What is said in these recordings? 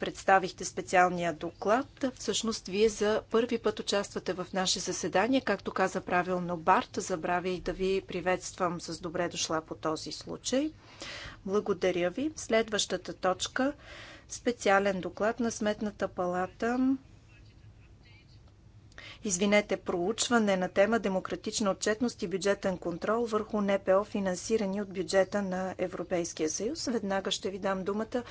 представихте специалния доклад. Всъщност, вие за първи път участвате в наше заседание, както каза правилно Барт. Забравя и да ви приветствам с добре дошла по този случай. Благодаря ви. Следващата точка специален доклад на Сметната палата извинете, проучване на тема демократична отчетност и бюджетен контрол върху НПО, финансирани от бюджета на Европейския съюз. Веднага ще ви дам думата,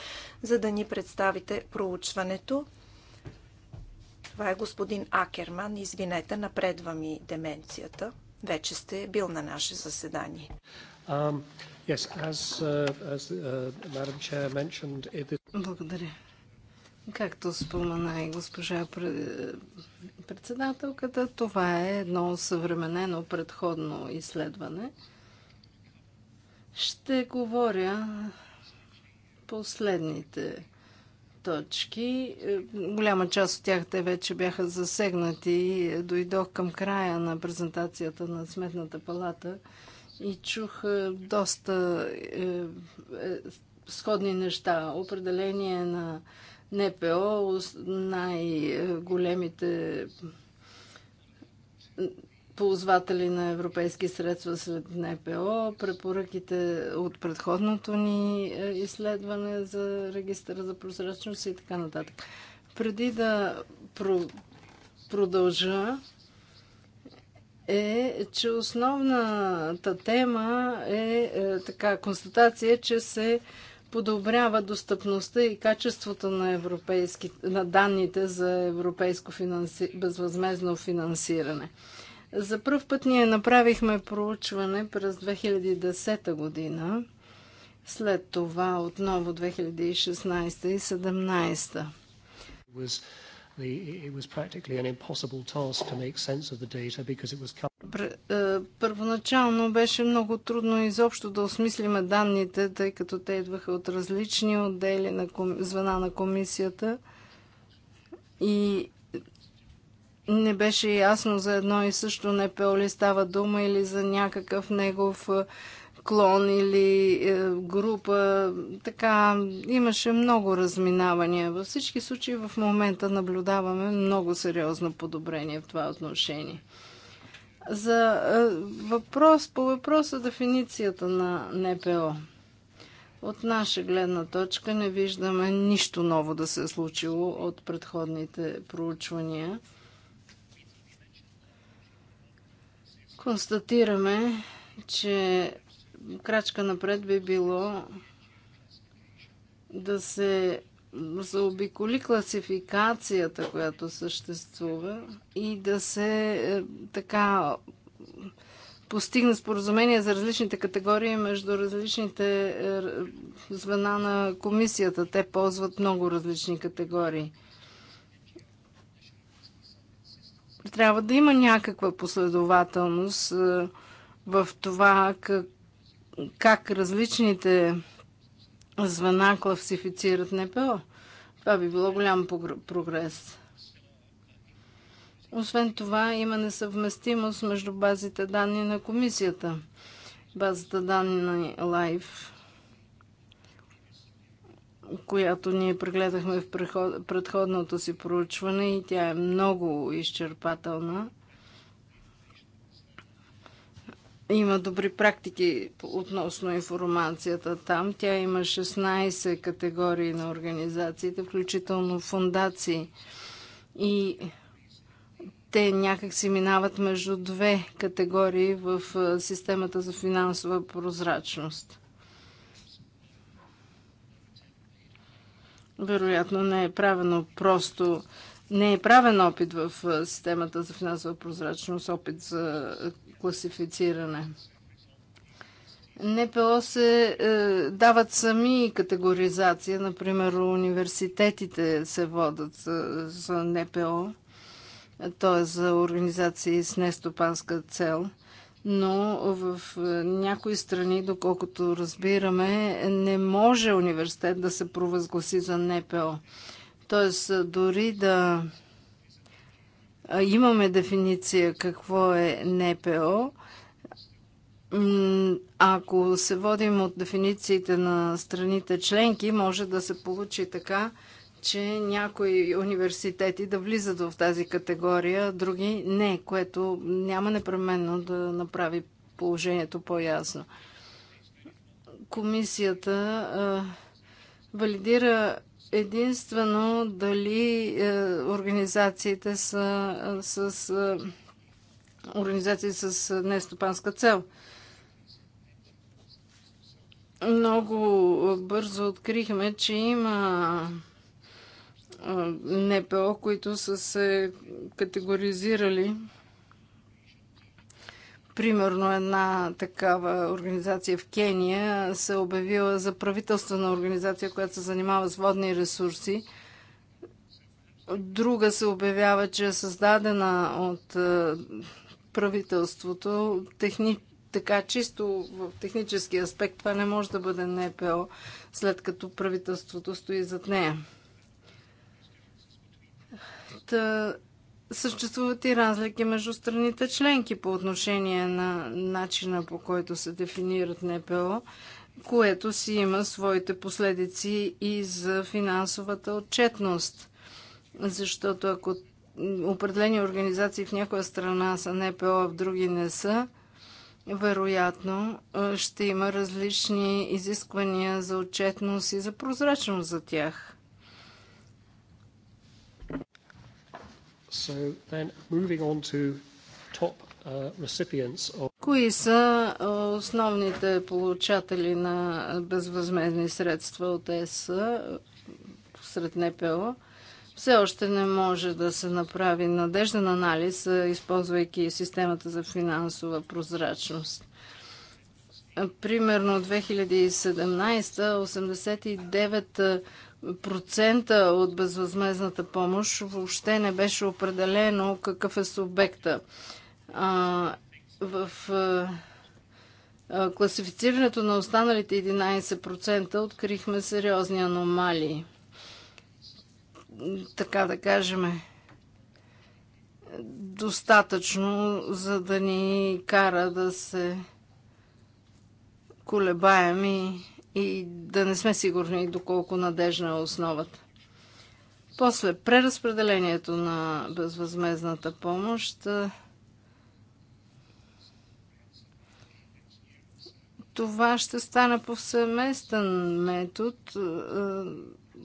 за да ни представите проучването. Това е господин Акерман. Извинете, напредва ми деменцията. Вече сте бил на наше заседание. Um, yes, as, uh, as, uh, Chair Благодаря. Както спомена и госпожа председателката, това е едно съвременено предходно изследване. Ще говоря последните точки. Голяма част от тях те вече бяха засегнати. Дойдох към края на презентацията на Сметната палата и чух е, доста е, е, сходни неща. Определение на НПО, най-големите ползватели на европейски средства след НПО, препоръките от предходното ни е, изследване за регистъра за прозрачност и така нататък. Преди да про- продължа, е, че основната тема е, е така констатация, че се е, подобрява достъпността и качеството на, европейски, на данните за европейско финанси, безвъзмезно финансиране. За първ път ние направихме проучване през 2010 година, след това отново 2016 и 2017. The, it was practically an impossible task to make sense of the data because it was е, Първоначално беше много трудно изобщо да осмислиме данните, тъй като те идваха от различни отдели на ком... звена на комисията и не беше ясно за едно и също НПО ли става дума или за някакъв негов е, клон или е, група. Така, имаше много разминавания. Във всички случаи в момента наблюдаваме много сериозно подобрение в това отношение. За е, въпрос по въпроса дефиницията на НПО. От наша гледна точка не виждаме нищо ново да се е случило от предходните проучвания. Констатираме, че крачка напред би било да се заобиколи класификацията, която съществува и да се е, така постигне споразумение за различните категории между различните е, звена на комисията. Те ползват много различни категории. Трябва да има някаква последователност е, в това как как различните звена класифицират НПО. Това би било голям прогрес. Освен това, има несъвместимост между базите данни на комисията. Базата данни на Life, която ние прегледахме в предходното си проучване и тя е много изчерпателна – има добри практики относно информацията там. Тя има 16 категории на организациите, включително фундации. И те някак си минават между две категории в системата за финансова прозрачност. Вероятно не е правено просто не е правен опит в системата за финансова прозрачност, опит за класифициране. НПО се е, дават сами категоризация, например университетите се водат за, за НПО, т.е. за организации с нестопанска цел но в е, някои страни, доколкото разбираме, не може университет да се провъзгласи за НПО. Т.е. дори да Имаме дефиниция какво е НПО. Ако се водим от дефинициите на страните членки, може да се получи така, че някои университети да влизат в тази категория, други не, което няма непременно да направи положението по-ясно. Комисията а, валидира единствено дали е, организациите са е, с е, организации с е, нестопанска цел. Много бързо открихме, че има е, НПО, които са се категоризирали Примерно една такава организация в Кения се обявила за правителствена организация, която се занимава с водни ресурси. Друга се обявява, че е създадена от е, правителството. Техни... Така чисто в технически аспект това не може да бъде НПО, след като правителството стои зад нея. Та, Съществуват и разлики между страните членки по отношение на начина по който се дефинират НПО, което си има своите последици и за финансовата отчетност. Защото ако определени организации в някоя страна са НПО, а в други не са, вероятно ще има различни изисквания за отчетност и за прозрачност за тях. Uh, Кои са основните получатели на безвъзмезни средства от ЕС сред НПО? Все още не може да се направи надежден анализ, използвайки системата за финансова прозрачност. Примерно 2017 89 процента от безвъзмезната помощ въобще не беше определено какъв е субекта. А, в а, класифицирането на останалите 11% открихме сериозни аномалии. Така да кажем, достатъчно, за да ни кара да се колебаем и и да не сме сигурни доколко надежна е основата. После преразпределението на безвъзмезната помощ. Това ще стане повсеместен метод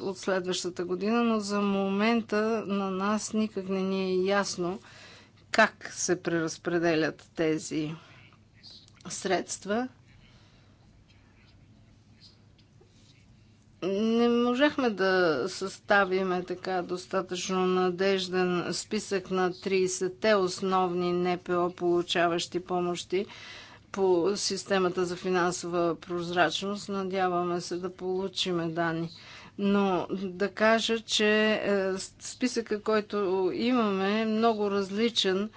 от следващата година, но за момента на нас никак не ни е ясно как се преразпределят тези средства. не можахме да съставиме така достатъчно надежден списък на 30-те основни НПО, получаващи помощи по системата за финансова прозрачност. Надяваме се да получиме данни. Но да кажа, че е, списъка, който имаме, е много различен.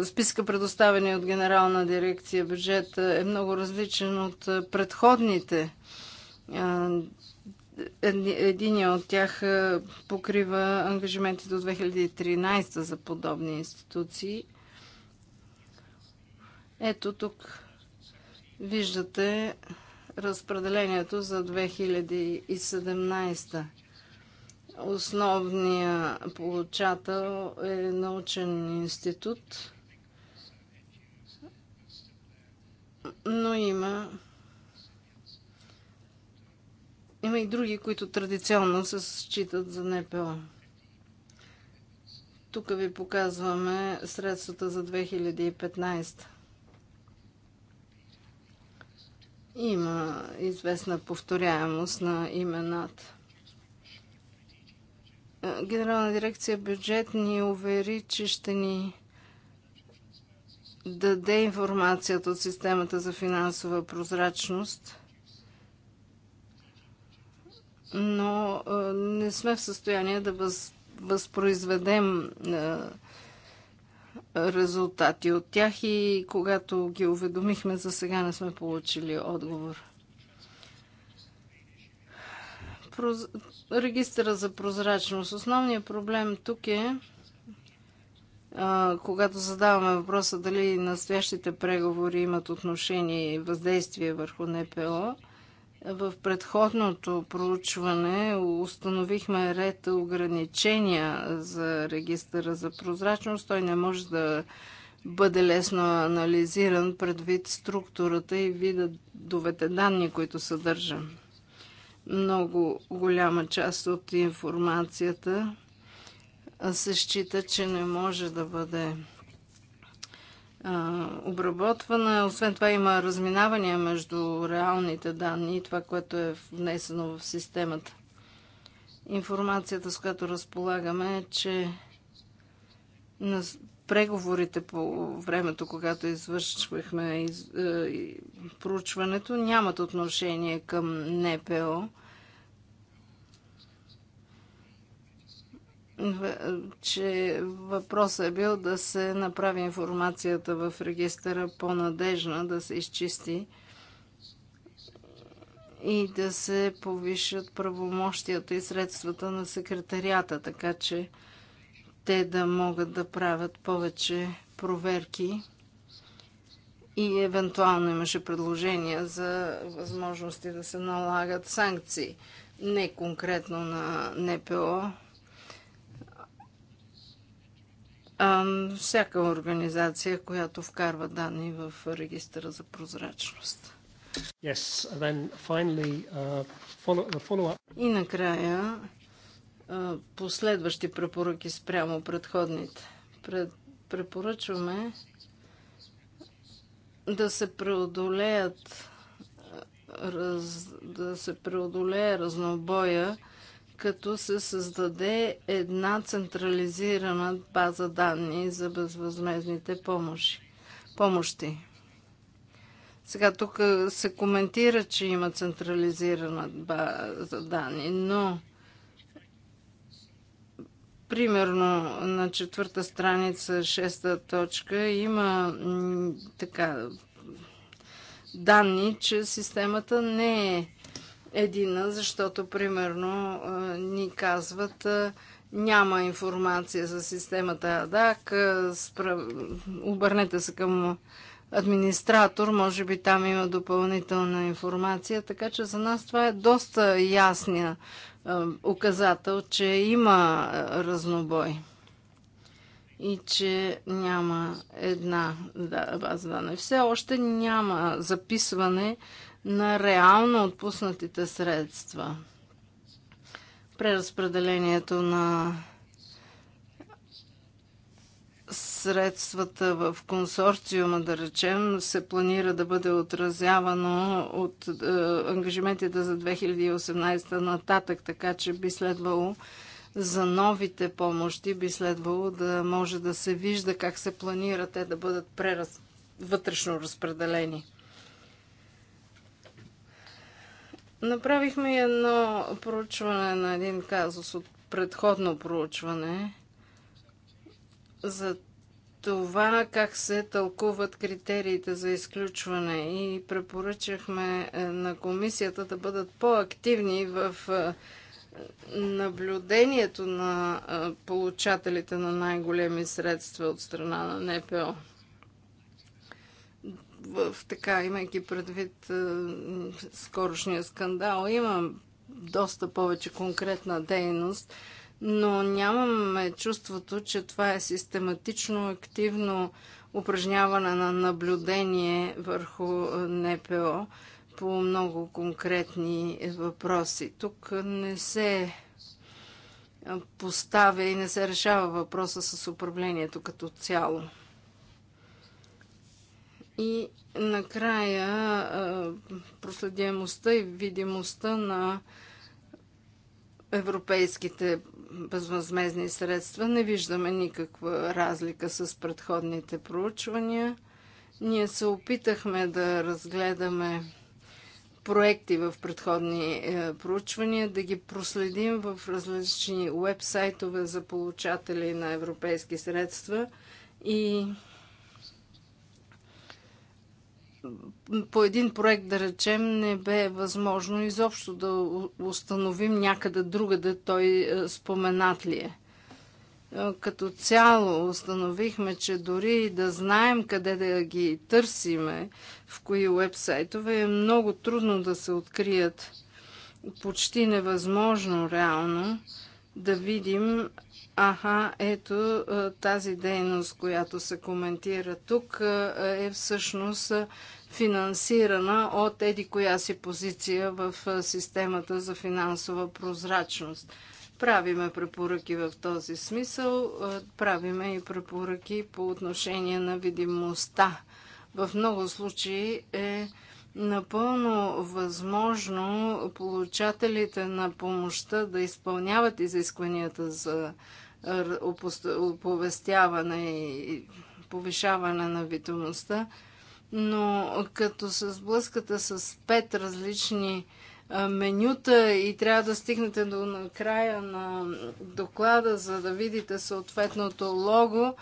Е, списка, предоставени от Генерална дирекция бюджет, е много различен от е, предходните един от тях покрива ангажименти до 2013 за подобни институции. Ето тук виждате разпределението за 2017. Основният получател е научен институт, но има има и други, които традиционно се считат за НПО. Тук ви показваме средствата за 2015. Има известна повторяемост на имената. Е, Генерална дирекция бюджет ни увери, че ще ни даде информацията от системата за финансова прозрачност – но не сме в състояние да въз, възпроизведем резултати от тях и когато ги уведомихме, за сега не сме получили отговор. Проз... Регистъра за прозрачност. Основният проблем тук е, а, когато задаваме въпроса дали настоящите преговори имат отношение и въздействие върху НПО, в предходното проучване установихме ред ограничения за регистъра за прозрачност. Той не може да бъде лесно анализиран предвид структурата и довете данни, които съдържа. Много голяма част от информацията се счита, че не може да бъде обработвана. Освен това има разминавания между реалните данни и това, което е внесено в системата. Информацията, с която разполагаме е, че на преговорите по времето, когато извършвахме е, проучването, нямат отношение към НПО. че въпросът е бил да се направи информацията в регистъра по-надежна, да се изчисти и да се повишат правомощията и средствата на секретарията, така че те да могат да правят повече проверки и евентуално имаше предложения за възможности да се налагат санкции, не конкретно на НПО, всяка организация, която вкарва данни в регистъра за прозрачност. Yes, and then finally, uh, follow, the follow-up. И накрая последващи препоръки спрямо предходните. Пред, препоръчваме да се преодолеят раз, да се преодолее разнобоя като се създаде една централизирана база данни за безвъзмезните помощи. помощи. Сега тук се коментира, че има централизирана база данни, но примерно на четвърта страница, шеста точка, има така данни, че системата не е едина, защото примерно ни казват няма информация за системата АДАК, обърнете се към администратор, може би там има допълнителна информация, така че за нас това е доста ясния указател, че има разнобой и че няма една база данни. Все още няма записване на реално отпуснатите средства. Преразпределението на средствата в консорциума, да речем, се планира да бъде отразявано от е, ангажиментите за 2018 нататък, така че би следвало за новите помощи, би следвало да може да се вижда как се планира те да бъдат прераз... вътрешно разпределени. Направихме едно проучване на един казус от предходно проучване за това как се тълкуват критериите за изключване и препоръчахме е, на комисията да бъдат по-активни в е, наблюдението на е, получателите на най-големи средства от страна на НПО в така, имайки предвид е, скорошния скандал, имам доста повече конкретна дейност, но нямаме чувството, че това е систематично, активно упражняване на наблюдение върху е, НПО по много конкретни въпроси. Тук не се е, поставя и не се решава въпроса с управлението като цяло. И накрая проследяемостта и видимостта на европейските безвъзмезни средства. Не виждаме никаква разлика с предходните проучвания. Ние се опитахме да разгледаме проекти в предходни е, проучвания, да ги проследим в различни уебсайтове за получатели на европейски средства и по един проект, да речем, не бе възможно изобщо да установим някъде другаде да той е, споменат ли е. е. Като цяло установихме, че дори да знаем къде да ги търсиме, в кои уебсайтове, е много трудно да се открият. Почти невъзможно реално да видим Аха, ето тази дейност, която се коментира тук, е всъщност финансирана от еди коя си позиция в системата за финансова прозрачност. Правиме препоръки в този смисъл, правиме и препоръки по отношение на видимостта. В много случаи е напълно възможно получателите на помощта да изпълняват изискванията за оповестяване и повишаване на видимостта, но като се сблъскате с пет различни менюта и трябва да стигнете до края на доклада, за да видите съответното лого,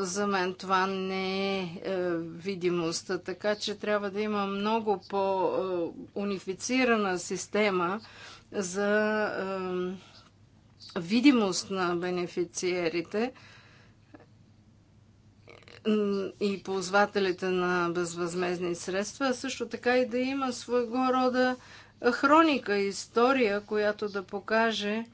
за мен това не е, е видимостта, така че трябва да има много по-унифицирана система за е, видимост на бенефициерите и ползвателите на безвъзмезни средства, а също така и да има своего рода хроника, история, която да покаже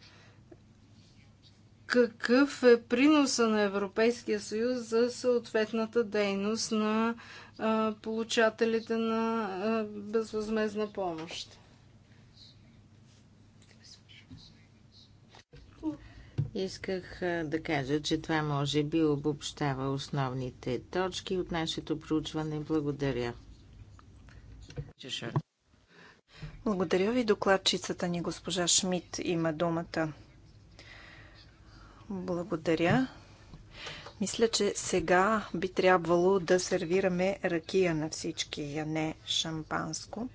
какъв е приноса на Европейския съюз за съответната дейност на а, получателите на а, безвъзмезна помощ. Исках да кажа, че това може би обобщава основните точки от нашето проучване. Благодаря. Благодаря ви, докладчицата ни госпожа Шмидт има думата. Благодаря. Мисля, че сега би трябвало да сервираме ракия на всички, а не шампанско.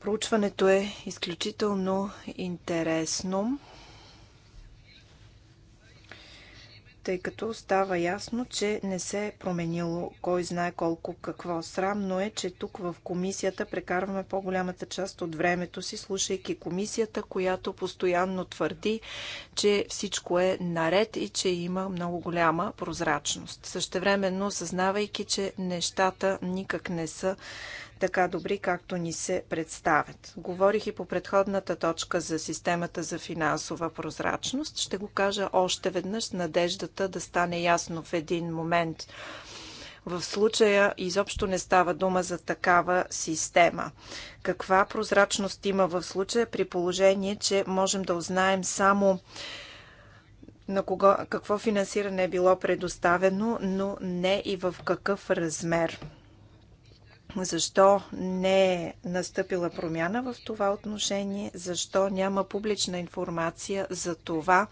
Проучването е изключително интересно. тъй като става ясно, че не се е променило кой знае колко какво. Срамно е, че тук в комисията прекарваме по-голямата част от времето си, слушайки комисията, която постоянно твърди, че всичко е наред и че има много голяма прозрачност. Същевременно, съзнавайки, че нещата никак не са така добри, както ни се представят. Говорих и по предходната точка за системата за финансова прозрачност. Ще го кажа още веднъж с надеждата да стане ясно в един момент. В случая изобщо не става дума за такава система. Каква прозрачност има в случая при положение, че можем да узнаем само на кого, какво финансиране е било предоставено, но не и в какъв размер защо не е настъпила промяна в това отношение, защо няма публична информация за това,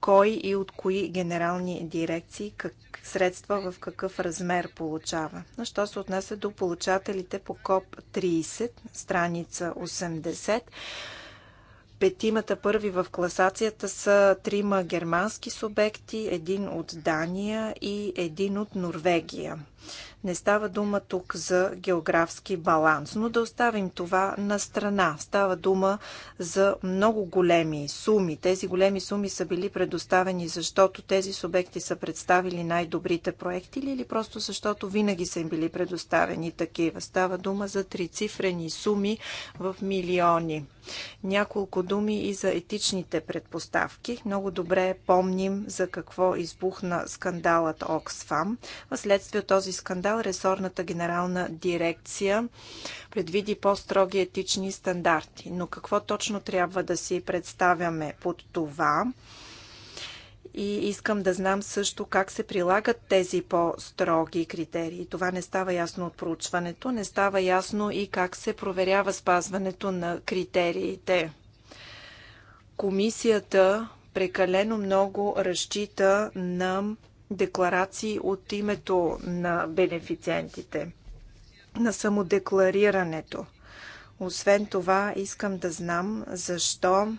кой и от кои генерални дирекции как средства в какъв размер получава. На що се отнася до получателите по КОП 30, страница 80, Петимата първи в класацията са трима германски субекти, един от Дания и един от Норвегия. Не става дума тук за географски баланс, но да оставим това на страна. Става дума за много големи суми. Тези големи суми са били предоставени, защото тези субекти са представили най-добрите проекти или просто защото винаги са им били предоставени такива. Става дума за трицифрени суми в милиони. Няколко думи и за етичните предпоставки. Много добре помним за какво избухна скандалът Оксфам. Вследствие този този скандал, ресорната генерална дирекция предвиди по-строги етични стандарти. Но какво точно трябва да си представяме под това? И искам да знам също как се прилагат тези по-строги критерии. Това не става ясно от проучването, не става ясно и как се проверява спазването на критериите. Комисията прекалено много разчита на декларации от името на бенефициентите, на самодекларирането. Освен това, искам да знам защо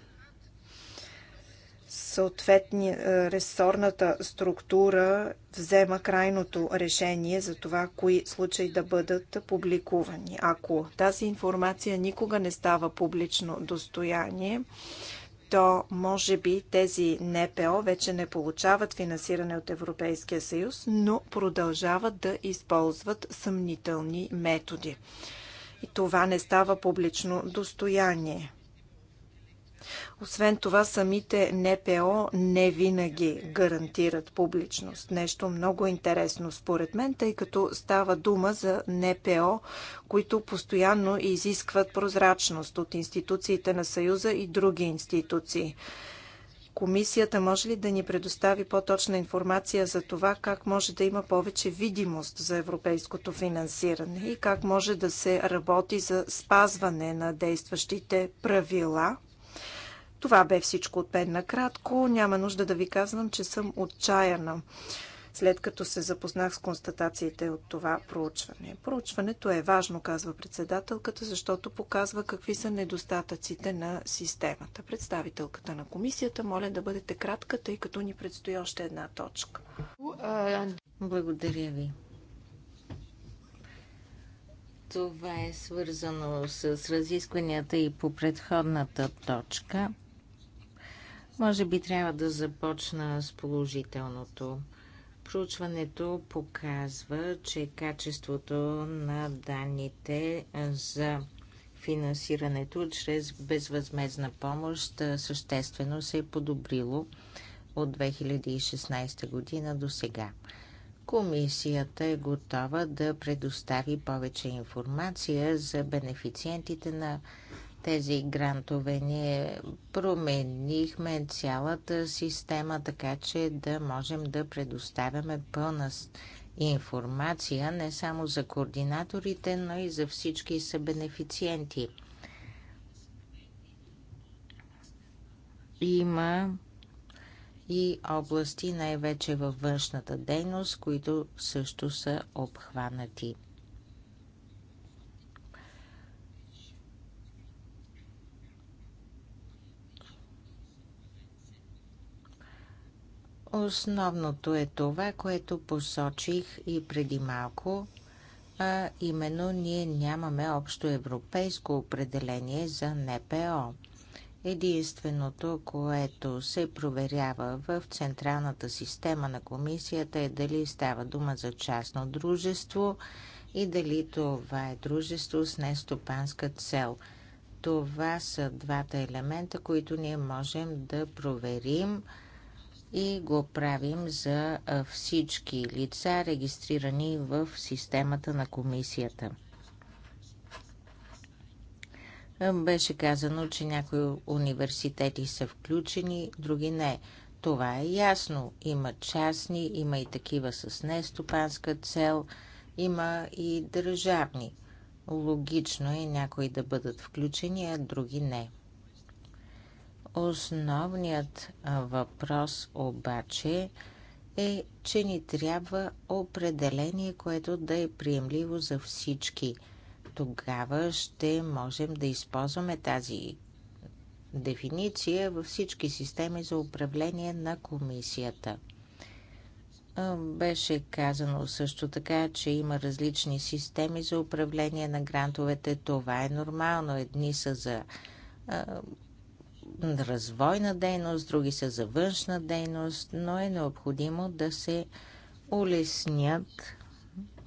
съответни е, ресорната структура взема крайното решение за това, кои случаи да бъдат публикувани. Ако тази информация никога не става публично достояние, то може би тези НПО вече не получават финансиране от Европейския съюз, но продължават да използват съмнителни методи. И това не става публично достояние. Освен това, самите НПО не винаги гарантират публичност. Нещо много интересно според мен, тъй като става дума за НПО, които постоянно изискват прозрачност от институциите на Съюза и други институции. Комисията може ли да ни предостави по-точна информация за това как може да има повече видимост за европейското финансиране и как може да се работи за спазване на действащите правила? Това бе всичко от мен накратко. Няма нужда да ви казвам, че съм отчаяна след като се запознах с констатациите от това проучване. Проучването е важно, казва председателката, защото показва какви са недостатъците на системата. Представителката на комисията, моля да бъдете кратка, тъй като ни предстои още една точка. Благодаря ви. Това е свързано с разискванията и по предходната точка – може би трябва да започна с положителното. Проучването показва, че качеството на данните за финансирането чрез безвъзмезна помощ съществено се е подобрило от 2016 година до сега. Комисията е готова да предостави повече информация за бенефициентите на тези грантове. Ние променихме цялата система, така че да можем да предоставяме пълна информация не само за координаторите, но и за всички събенефициенти. Има и области, най-вече във външната дейност, които също са обхванати. Основното е това, което посочих и преди малко, а именно ние нямаме общо европейско определение за НПО. Единственото, което се проверява в централната система на комисията е дали става дума за частно дружество и дали това е дружество с нестопанска цел. Това са двата елемента, които ние можем да проверим – и го правим за всички лица, регистрирани в системата на комисията. Беше казано, че някои университети са включени, други не. Това е ясно. Има частни, има и такива с нестопанска цел, има и държавни. Логично е някои да бъдат включени, а други не. Основният въпрос обаче е, че ни трябва определение, което да е приемливо за всички. Тогава ще можем да използваме тази дефиниция във всички системи за управление на комисията. Беше казано също така, че има различни системи за управление на грантовете. Това е нормално. Едни са за развойна дейност, други са за външна дейност, но е необходимо да се улеснят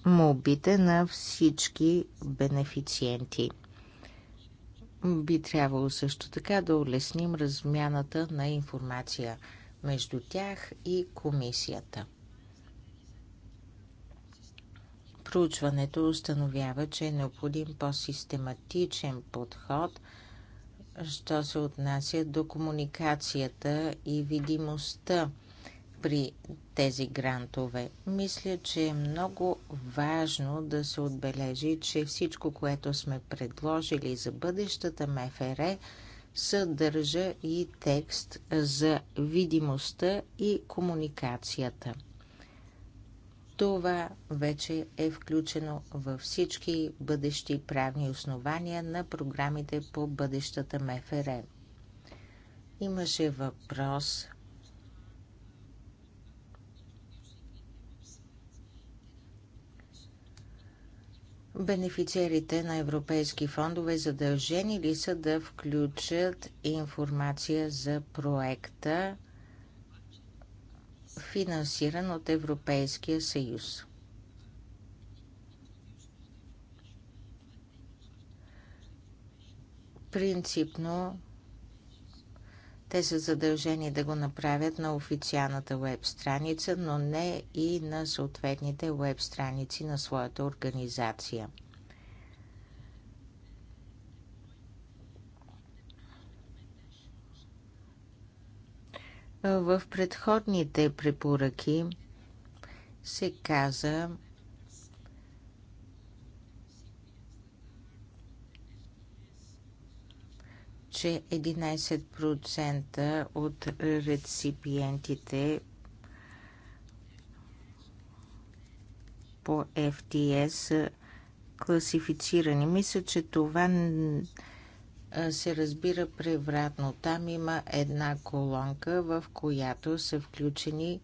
молбите на всички бенефициенти. Би трябвало също така да улесним размяната на информация между тях и комисията. Проучването установява, че е необходим по-систематичен подход – що се отнася до комуникацията и видимостта при тези грантове. Мисля, че е много важно да се отбележи, че всичко, което сме предложили за бъдещата МФР, съдържа и текст за видимостта и комуникацията. Това вече е включено във всички бъдещи правни основания на програмите по бъдещата МФР. Имаше въпрос Бенефициерите на европейски фондове задължени ли са да включат информация за проекта финансиран от Европейския съюз. Принципно те са задължени да го направят на официалната веб страница, но не и на съответните веб страници на своята организация – В предходните препоръки се каза, че 11% от реципиентите по FTS са класифицирани. Мисля, че това се разбира превратно. Там има една колонка, в която са включени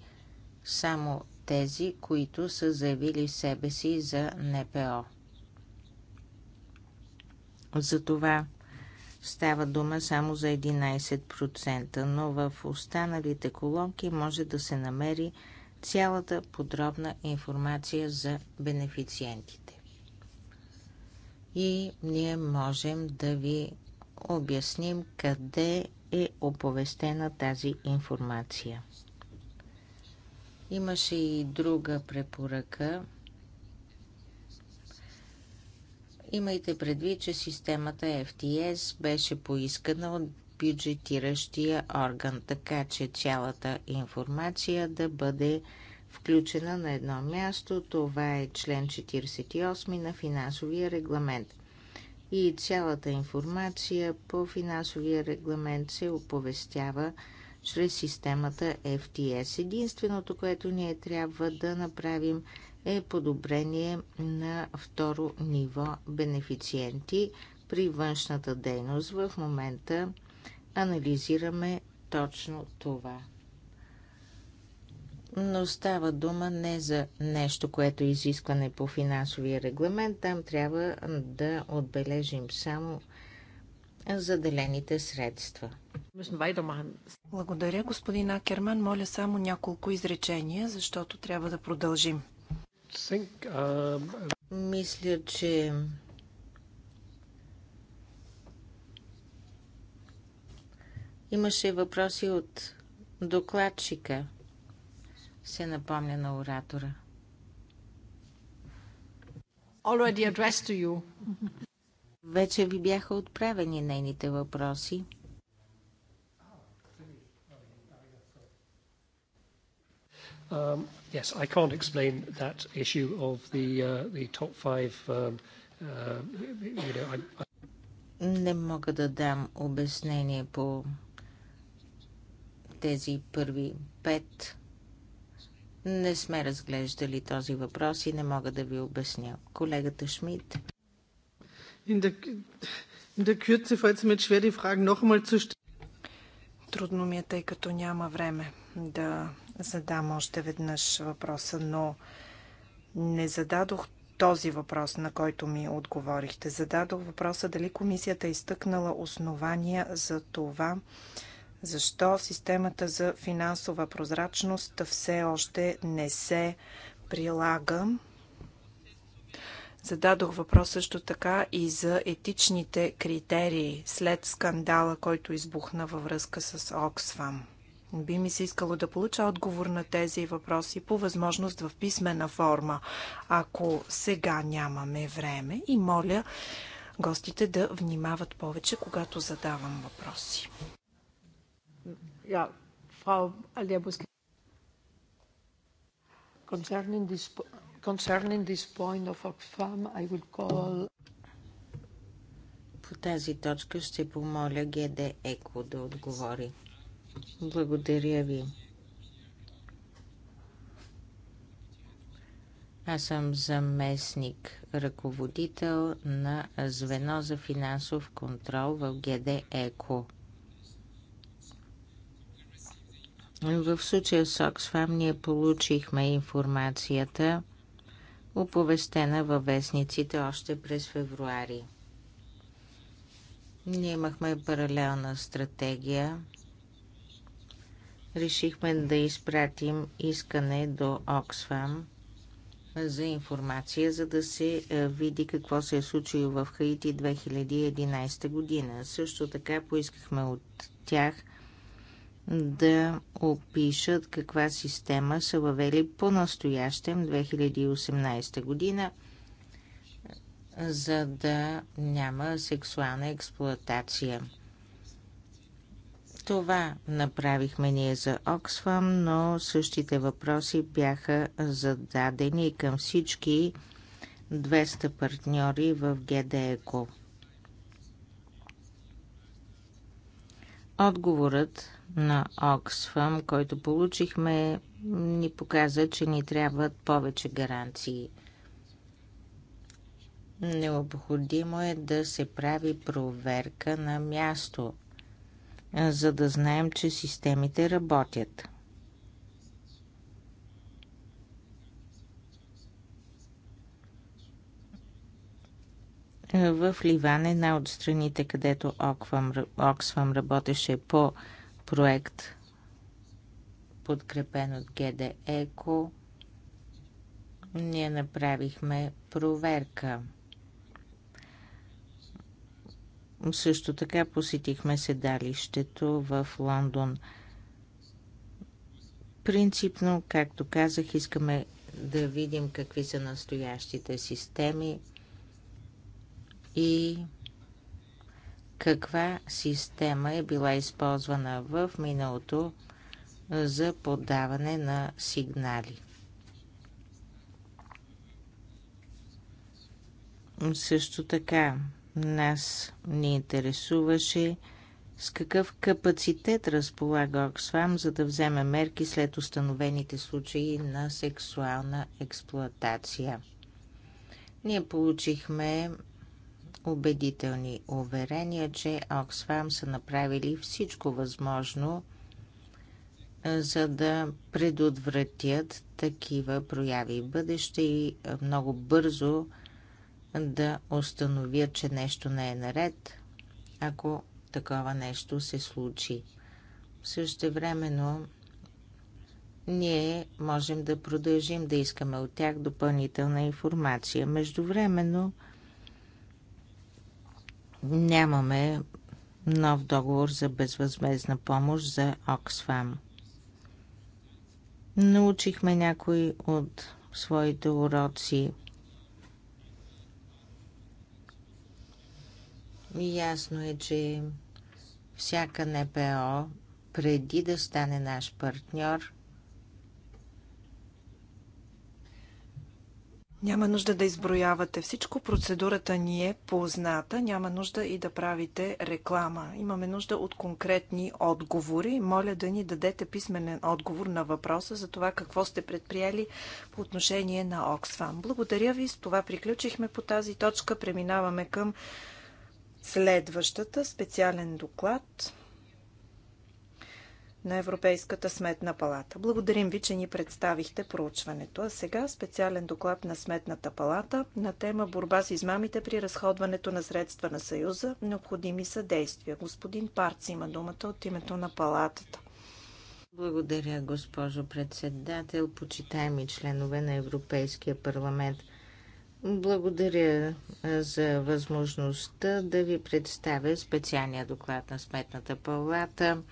само тези, които са заявили себе си за НПО. Затова става дума само за 11%, но в останалите колонки може да се намери цялата подробна информация за бенефициентите. И ние можем да ви обясним къде е оповестена тази информация. Имаше и друга препоръка. Имайте предвид, че системата FTS беше поискана от бюджетиращия орган, така че цялата информация да бъде включена на едно място. Това е член 48 на финансовия регламент и цялата информация по финансовия регламент се оповестява чрез системата FTS. Единственото, което ние трябва да направим е подобрение на второ ниво бенефициенти при външната дейност. В момента анализираме точно това но става дума не за нещо, което е изискване по финансовия регламент. Там трябва да отбележим само заделените средства. Благодаря, господин Акерман. Моля само няколко изречения, защото трябва да продължим. Uh, Мисля, че имаше въпроси от докладчика се напомня на оратора. Already addressed to you. Вече ви бяха отправени нейните въпроси. Um, yes, I can't explain that issue of the, uh, the top five. Um, uh, you know, I, I... Не мога да дам обяснение по тези първи пет не сме разглеждали този въпрос и не мога да ви обясня. Колегата Шмидт. Трудно ми е, тъй като няма време да задам още веднъж въпроса, но не зададох този въпрос, на който ми отговорихте. Зададох въпроса дали комисията е изтъкнала основания за това, защо системата за финансова прозрачност все още не се прилага? Зададох въпрос също така и за етичните критерии след скандала, който избухна във връзка с Оксфам. Би ми се искало да получа отговор на тези въпроси по възможност в писмена форма, ако сега нямаме време и моля гостите да внимават повече, когато задавам въпроси ja, Frau Alderbus. Concerning this, concerning this point of Oxfam, I will call... По тази точка ще помоля ГД ЕКО да отговори. Благодаря ви. Аз съм заместник ръководител на звено за финансов контрол в ГД ЕКО. В случая с Оксфам ние получихме информацията, оповестена във вестниците още през февруари. Ние имахме паралелна стратегия. Решихме да изпратим искане до Оксфам за информация, за да се е, види какво се е случило в Хаити 2011 година. Също така поискахме от тях – да опишат каква система са въвели по-настоящем 2018 година, за да няма сексуална експлоатация. Това направихме ние за Оксфам, но същите въпроси бяха зададени към всички 200 партньори в ГДЕКО. Отговорът на Оксфам, който получихме, ни показа, че ни трябват повече гаранции. Необходимо е да се прави проверка на място, за да знаем, че системите работят. В Ливан една от страните, където Оксфам работеше по проект, подкрепен от ГД Еко, ние направихме проверка. Също така посетихме седалището в Лондон. Принципно, както казах, искаме да видим какви са настоящите системи и каква система е била използвана в миналото за подаване на сигнали. Също така, нас ни интересуваше с какъв капацитет разполага Оксфам, за да вземе мерки след установените случаи на сексуална експлоатация. Ние получихме убедителни уверения, че Оксфам са направили всичко възможно, за да предотвратят такива прояви в бъдеще и много бързо да установят, че нещо не е наред, ако такова нещо се случи. Същевременно ние можем да продължим да искаме от тях допълнителна информация. Междувременно времено нямаме нов договор за безвъзмезна помощ за Оксфам. Научихме някои от своите уроци. Ясно е, че всяка НПО преди да стане наш партньор – Няма нужда да изброявате всичко. Процедурата ни е позната. Няма нужда и да правите реклама. Имаме нужда от конкретни отговори. Моля да ни дадете писменен отговор на въпроса за това какво сте предприели по отношение на Оксфам. Благодаря ви. С това приключихме по тази точка. Преминаваме към следващата специален доклад на Европейската сметна палата. Благодарим ви, че ни представихте проучването. А сега специален доклад на Сметната палата на тема борба с измамите при разходването на средства на Съюза. Необходими са действия. Господин Парц има думата от името на палатата. Благодаря, госпожо председател, почитаеми членове на Европейския парламент. Благодаря за възможността да ви представя специалния доклад на Сметната палата –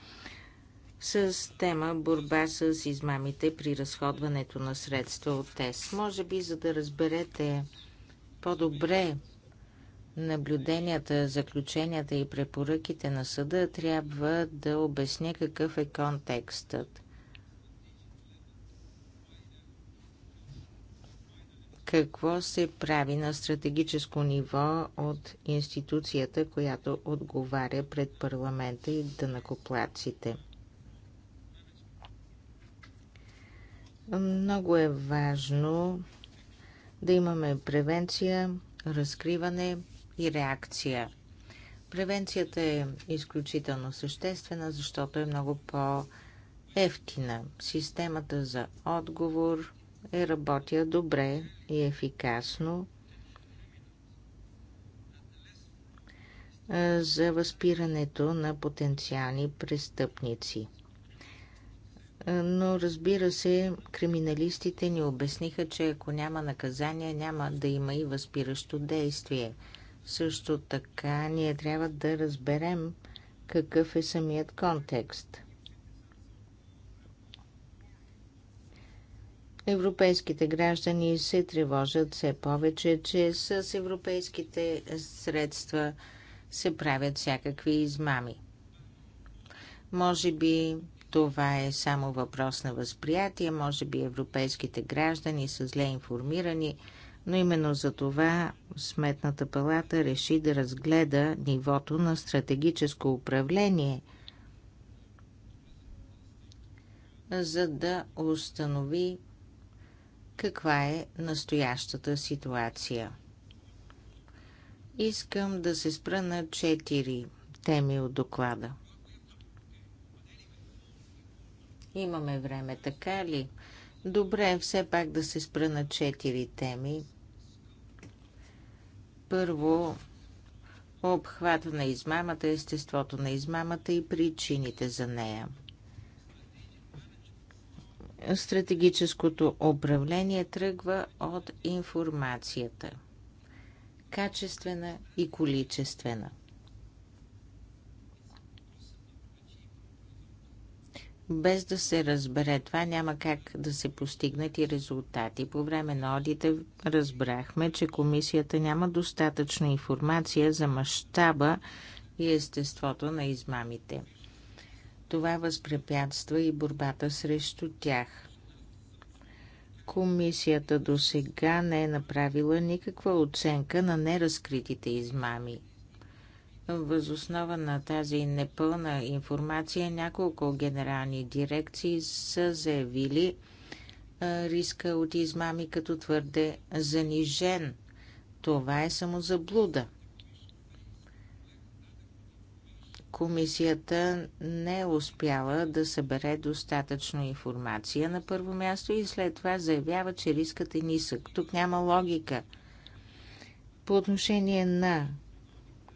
с тема борба с измамите при разходването на средства от ТЕС. Може би, за да разберете по-добре наблюденията, заключенията и препоръките на съда, трябва да обясня какъв е контекстът. Какво се прави на стратегическо ниво от институцията, която отговаря пред парламента и дънакоплаците? Да Много е важно да имаме превенция, разкриване и реакция. Превенцията е изключително съществена, защото е много по-ефтина. Системата за отговор е работя добре и ефикасно за възпирането на потенциални престъпници – е, но разбира се, криминалистите ни обясниха, че ако няма наказание, няма да има и възпиращо действие. Също така ние трябва да разберем какъв е самият контекст. Европейските граждани се тревожат все повече, че с европейските средства се правят всякакви измами. Може би това е само въпрос на възприятие. Може би европейските граждани са зле информирани, но именно за това Сметната палата реши да разгледа нивото на стратегическо управление, за да установи каква е настоящата ситуация. Искам да се спра на четири теми от доклада – Имаме време, така ли? Добре, все пак да се спра на четири теми. Първо, обхвата на измамата, естеството на измамата и причините за нея. Стратегическото управление тръгва от информацията. Качествена и количествена – без да се разбере това, няма как да се постигнат и резултати. По време на одита разбрахме, че комисията няма достатъчна информация за мащаба и естеството на измамите. Това възпрепятства и борбата срещу тях. Комисията до сега не е направила никаква оценка на неразкритите измами – Възоснова на тази непълна информация няколко генерални дирекции са заявили риска от измами като твърде занижен. Това е само заблуда. Комисията не е успяла да събере достатъчно информация на първо място и след това заявява, че рискът е нисък. Тук няма логика. По отношение на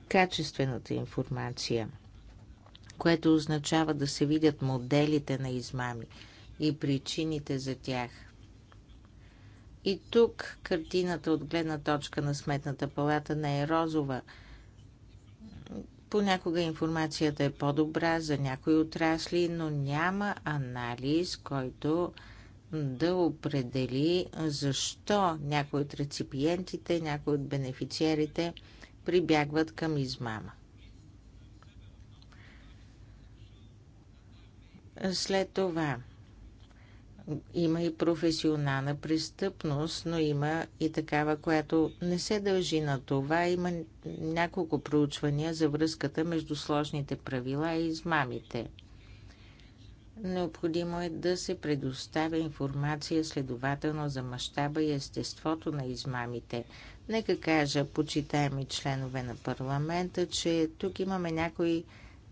качествената информация, което означава да се видят моделите на измами и причините за тях. И тук картината от гледна точка на Сметната палата не е розова. Понякога информацията е по-добра за някои отрасли, но няма анализ, който да определи защо някои от реципиентите, някои от бенефициерите – прибягват към измама. След това има и професионална престъпност, но има и такава, която не се дължи на това. Има няколко проучвания за връзката между сложните правила и измамите. Необходимо е да се предоставя информация следователно за мащаба и естеството на измамите, Нека кажа, почитаеми членове на парламента, че тук имаме някои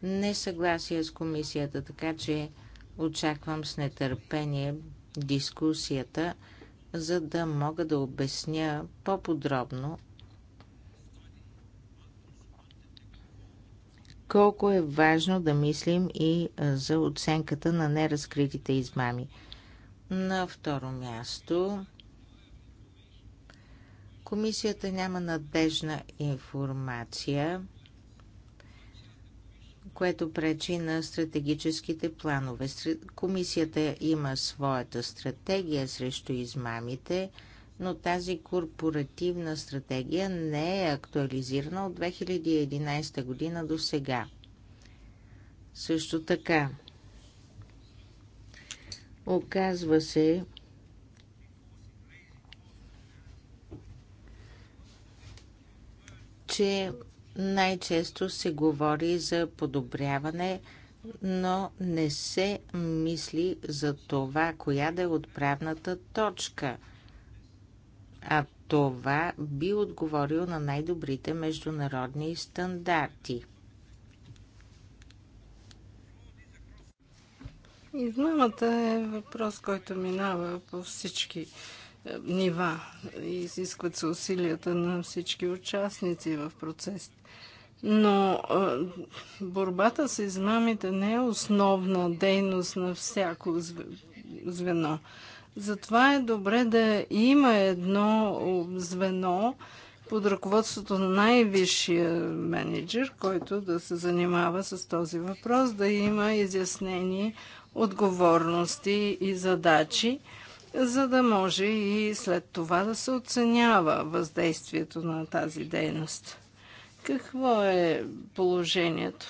несъгласия с комисията, така че очаквам с нетърпение дискусията, за да мога да обясня по-подробно колко е важно да мислим и за оценката на неразкритите измами. На второ място Комисията няма надежна информация, което пречи на стратегическите планове. Комисията има своята стратегия срещу измамите, но тази корпоративна стратегия не е актуализирана от 2011 година до сега. Също така, оказва се, че най-често се говори за подобряване, но не се мисли за това, коя да е отправната точка. А това би отговорило на най-добрите международни стандарти. Измамата е въпрос, който минава по всички нива. Изискват се усилията на всички участници в процес. Но борбата с измамите не е основна дейност на всяко звено. Затова е добре да има едно звено под ръководството на най-висшия менеджер, който да се занимава с този въпрос, да има изяснени отговорности и задачи за да може и след това да се оценява въздействието на тази дейност. Какво е положението?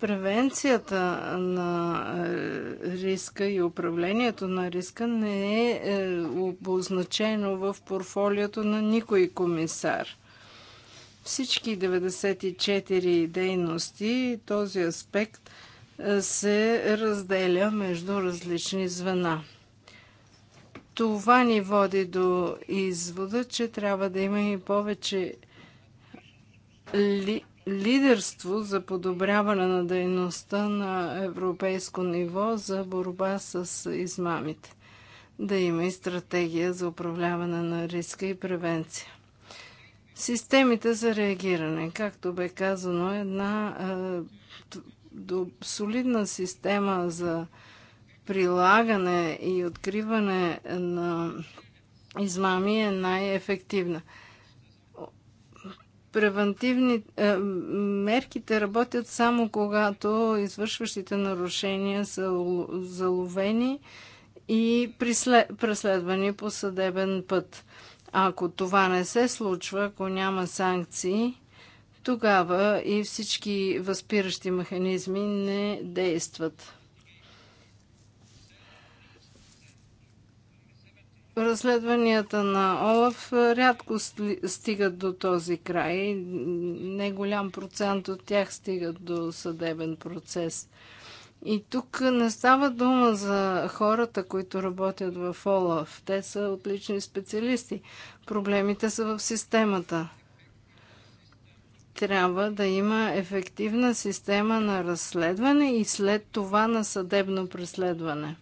Превенцията на е, риска и управлението на риска не е, е обозначено в портфолиото на никой комисар. Всички 94 дейности този аспект – се разделя между различни звена. Това ни води до извода, че трябва да има и повече ли, лидерство за подобряване на дейността на европейско ниво за борба с измамите. Да има и стратегия за управляване на риска и превенция. Системите за реагиране, както бе казано, една до солидна система за прилагане и откриване на измами е най-ефективна. Превентивни е, мерките работят само когато извършващите нарушения са заловени и преследвани по съдебен път. Ако това не се случва, ако няма санкции, тогава и всички възпиращи механизми не действат. разследванията на Олаф рядко стигат до този край. Не голям процент от тях стигат до съдебен процес. И тук не става дума за хората, които работят в Олаф. Те са отлични специалисти. Проблемите са в системата трябва да има ефективна система на разследване и след това на съдебно преследване.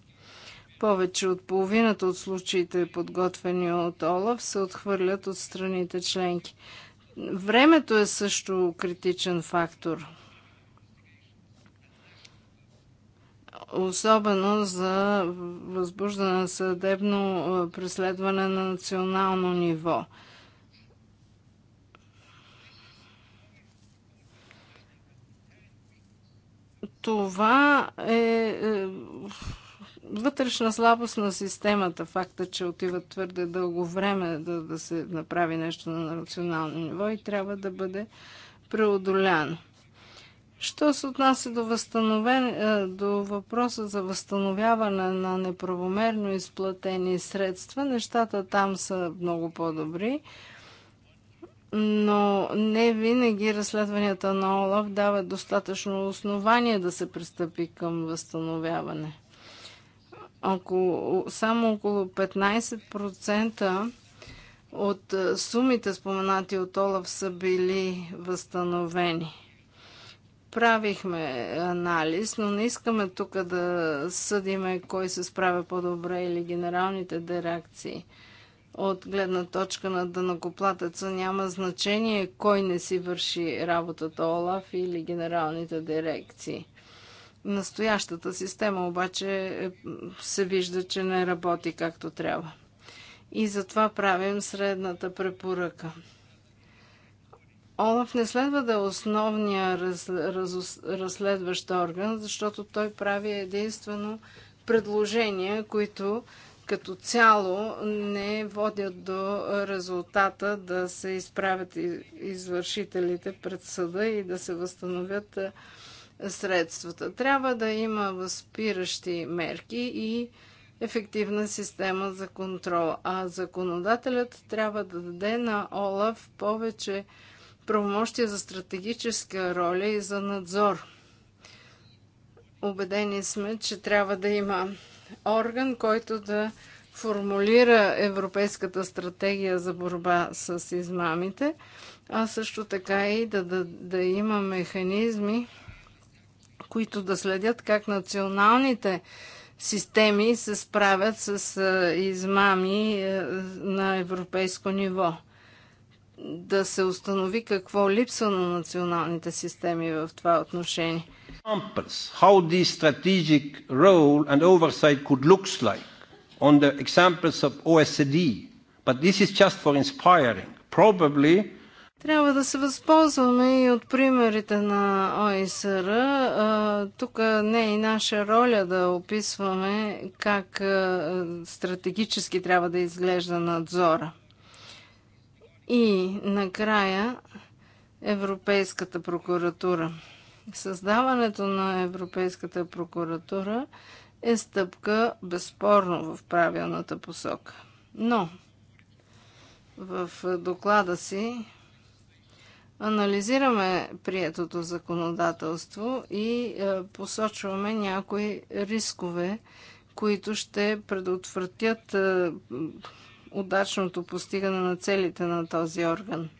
Повече от половината от случаите, подготвени от Олаф, се отхвърлят от страните членки. Времето е също критичен фактор. Особено за възбуждане на съдебно преследване на национално ниво – това е, е вътрешна слабост на системата, факта, че отива твърде дълго време да, да се направи нещо на национално ниво и трябва да бъде преодоляно. Що се отнася до, възстановен... Е, до въпроса за възстановяване на неправомерно изплатени средства, нещата там са много по-добри но не винаги разследванията на ОЛАФ дават достатъчно основание да се пристъпи към възстановяване. Около, само около 15% от сумите споменати от Олаф са били възстановени. Правихме анализ, но не искаме тук да съдиме кой се справя по-добре или генералните дирекции от гледна точка на дънакоплатеца няма значение кой не си върши работата Олаф или генералните дирекции. Настоящата система обаче е, се вижда, че не работи както трябва. И затова правим средната препоръка. Олаф не следва да е основния раз, раз, разследващ орган, защото той прави единствено предложения, които като цяло не водят до резултата да се изправят извършителите пред съда и да се възстановят е, средствата. Трябва да има възпиращи мерки и ефективна система за контрол, а законодателят трябва да даде на ОЛАФ повече правомощия за стратегическа роля и за надзор. Обедени сме, че трябва да има орган, който да формулира Европейската стратегия за борба с измамите, а също така и да, да, да има механизми, които да следят как националните системи се справят с измами на европейско ниво. Да се установи какво липсва на националните системи в това отношение. Examples how this strategic role and oversight could look like on the examples of OECD, but this is just for inspiring. Probably трябва да се възползваме и от примерите на ОИСР. Тук не е и наша роля да описваме как стратегически трябва да изглежда надзора. И накрая Европейската прокуратура. Създаването на Европейската прокуратура е стъпка безспорно в правилната посока. Но в доклада си анализираме приетото законодателство и е, посочваме някои рискове, които ще предотвратят е, удачното постигане на целите на този орган –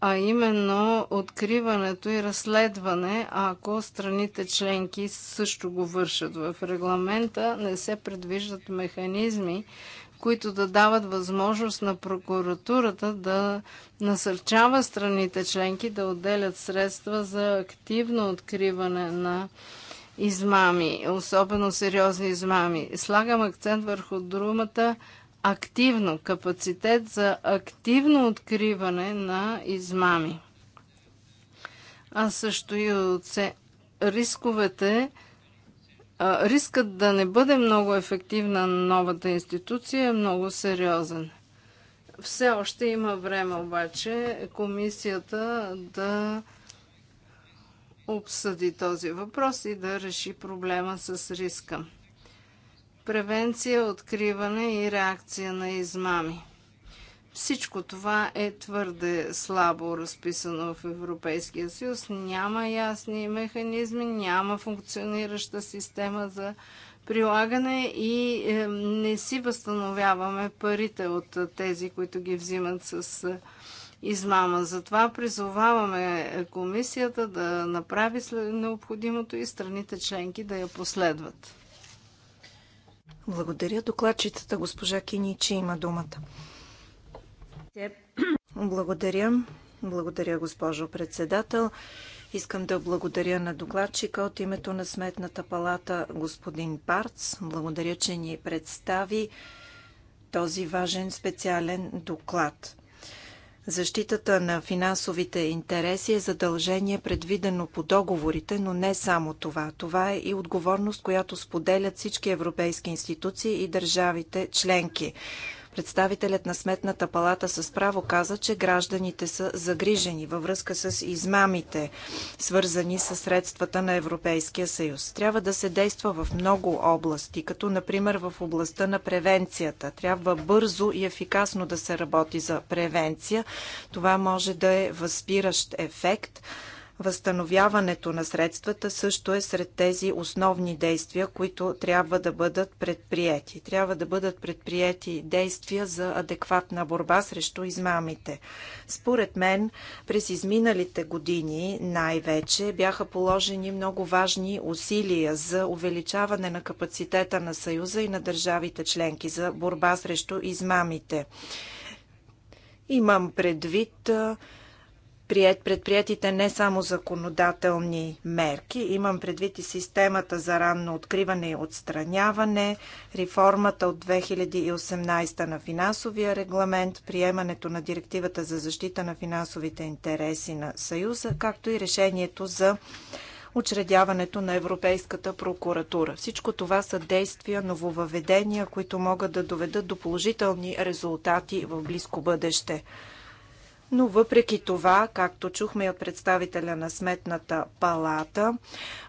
а именно откриването и разследване, ако страните членки също го вършат. В регламента не се предвиждат механизми, които да дават възможност на прокуратурата да насърчава страните членки да отделят средства за активно откриване на измами, особено сериозни измами. Слагам акцент върху думата активно, капацитет за активно откриване на измами. А също и от рисковете, рискът да не бъде много ефективна на новата институция е много сериозен. Все още има време обаче комисията да обсъди този въпрос и да реши проблема с риска превенция, откриване и реакция на измами. Всичко това е твърде слабо разписано в Европейския съюз. Няма ясни механизми, няма функционираща система за прилагане и е, не си възстановяваме парите от е, тези, които ги взимат с е, измама. Затова призоваваме комисията да направи необходимото и страните членки да я последват. Благодаря. Докладчицата госпожа Киничи има думата. Благодаря. Благодаря, госпожо председател. Искам да благодаря на докладчика от името на Сметната палата господин Парц. Благодаря, че ни представи този важен специален доклад. Защитата на финансовите интереси е задължение предвидено по договорите, но не само това. Това е и отговорност, която споделят всички европейски институции и държавите членки. Представителят на Сметната палата с право каза, че гражданите са загрижени във връзка с измамите, свързани с средствата на Европейския съюз. Трябва да се действа в много области, като например в областта на превенцията. Трябва бързо и ефикасно да се работи за превенция. Това може да е възпиращ ефект Възстановяването на средствата също е сред тези основни действия, които трябва да бъдат предприяти. Трябва да бъдат предприяти действия за адекватна борба срещу измамите. Според мен, през изминалите години най-вече бяха положени много важни усилия за увеличаване на капацитета на Съюза и на държавите членки за борба срещу измамите. Имам предвид предприятите не само законодателни мерки, имам предвид и системата за ранно откриване и отстраняване, реформата от 2018 на финансовия регламент, приемането на директивата за защита на финансовите интереси на Съюза, както и решението за учредяването на Европейската прокуратура. Всичко това са действия, нововъведения, които могат да доведат до положителни резултати в близко бъдеще но въпреки това, както чухме и от представителя на Сметната палата,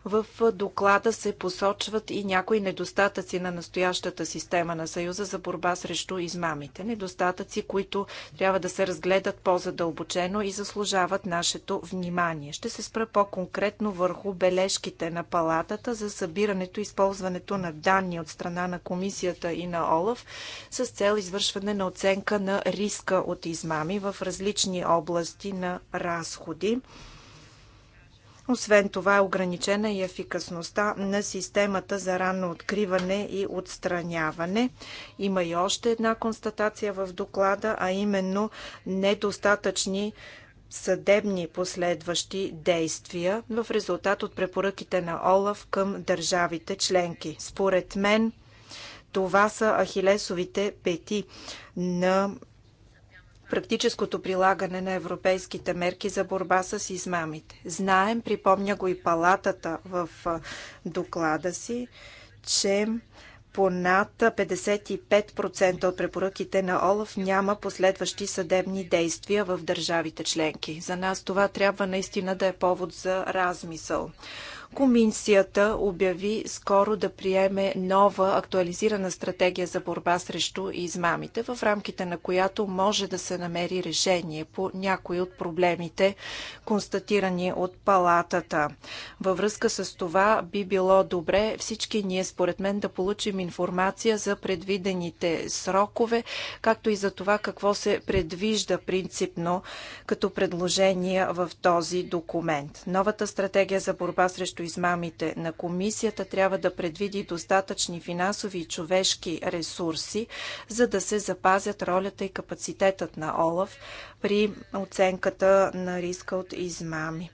в доклада се посочват и някои недостатъци на настоящата система на Съюза за борба срещу измамите. Недостатъци, които трябва да се разгледат по-задълбочено и заслужават нашето внимание. Ще се спра по-конкретно върху бележките на палатата за събирането и използването на данни от страна на комисията и на ОЛАФ с цел извършване на оценка на риска от измами в различни различни области на разходи. Освен това е ограничена и ефикасността на системата за ранно откриване и отстраняване. Има и още една констатация в доклада, а именно недостатъчни съдебни последващи действия в резултат от препоръките на ОЛАФ към държавите членки. Според мен това са ахилесовите пети на практическото прилагане на европейските мерки за борба с измамите. Знаем, припомня го и палатата в доклада си, че понад 55% от препоръките на ОЛАФ няма последващи съдебни действия в държавите членки. За нас това трябва наистина да е повод за размисъл. Комисията обяви скоро да приеме нова актуализирана стратегия за борба срещу измамите, в рамките на която може да се намери решение по някои от проблемите, констатирани от палатата. Във връзка с това би било добре всички ние, според мен, да получим информация за предвидените срокове, както и за това какво се предвижда принципно като предложения в този документ. Новата стратегия за борба срещу срещу измамите на комисията трябва да предвиди достатъчни финансови и човешки ресурси, за да се запазят ролята и капацитетът на ОЛАФ при оценката на риска от измами.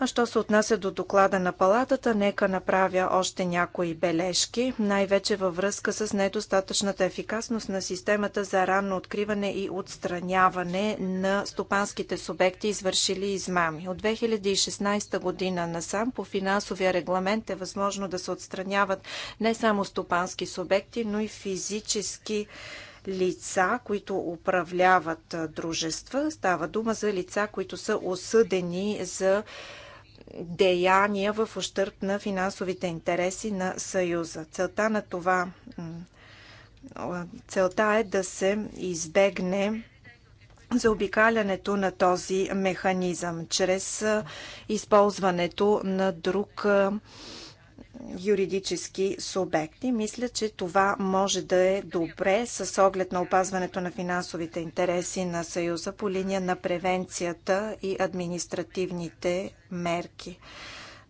А що се отнася до доклада на палатата, нека направя още някои бележки, най-вече във връзка с недостатъчната ефикасност на системата за ранно откриване и отстраняване на стопанските субекти, извършили измами. От 2016 година насам по финансовия регламент е възможно да се отстраняват не само стопански субекти, но и физически лица, които управляват дружества. Става дума за лица, които са осъдени за деяния в ущърп на финансовите интереси на Съюза. Целта на това целта е да се избегне за обикалянето на този механизъм чрез използването на друг юридически субекти. Мисля, че това може да е добре с оглед на опазването на финансовите интереси на Съюза по линия на превенцията и административните мерки.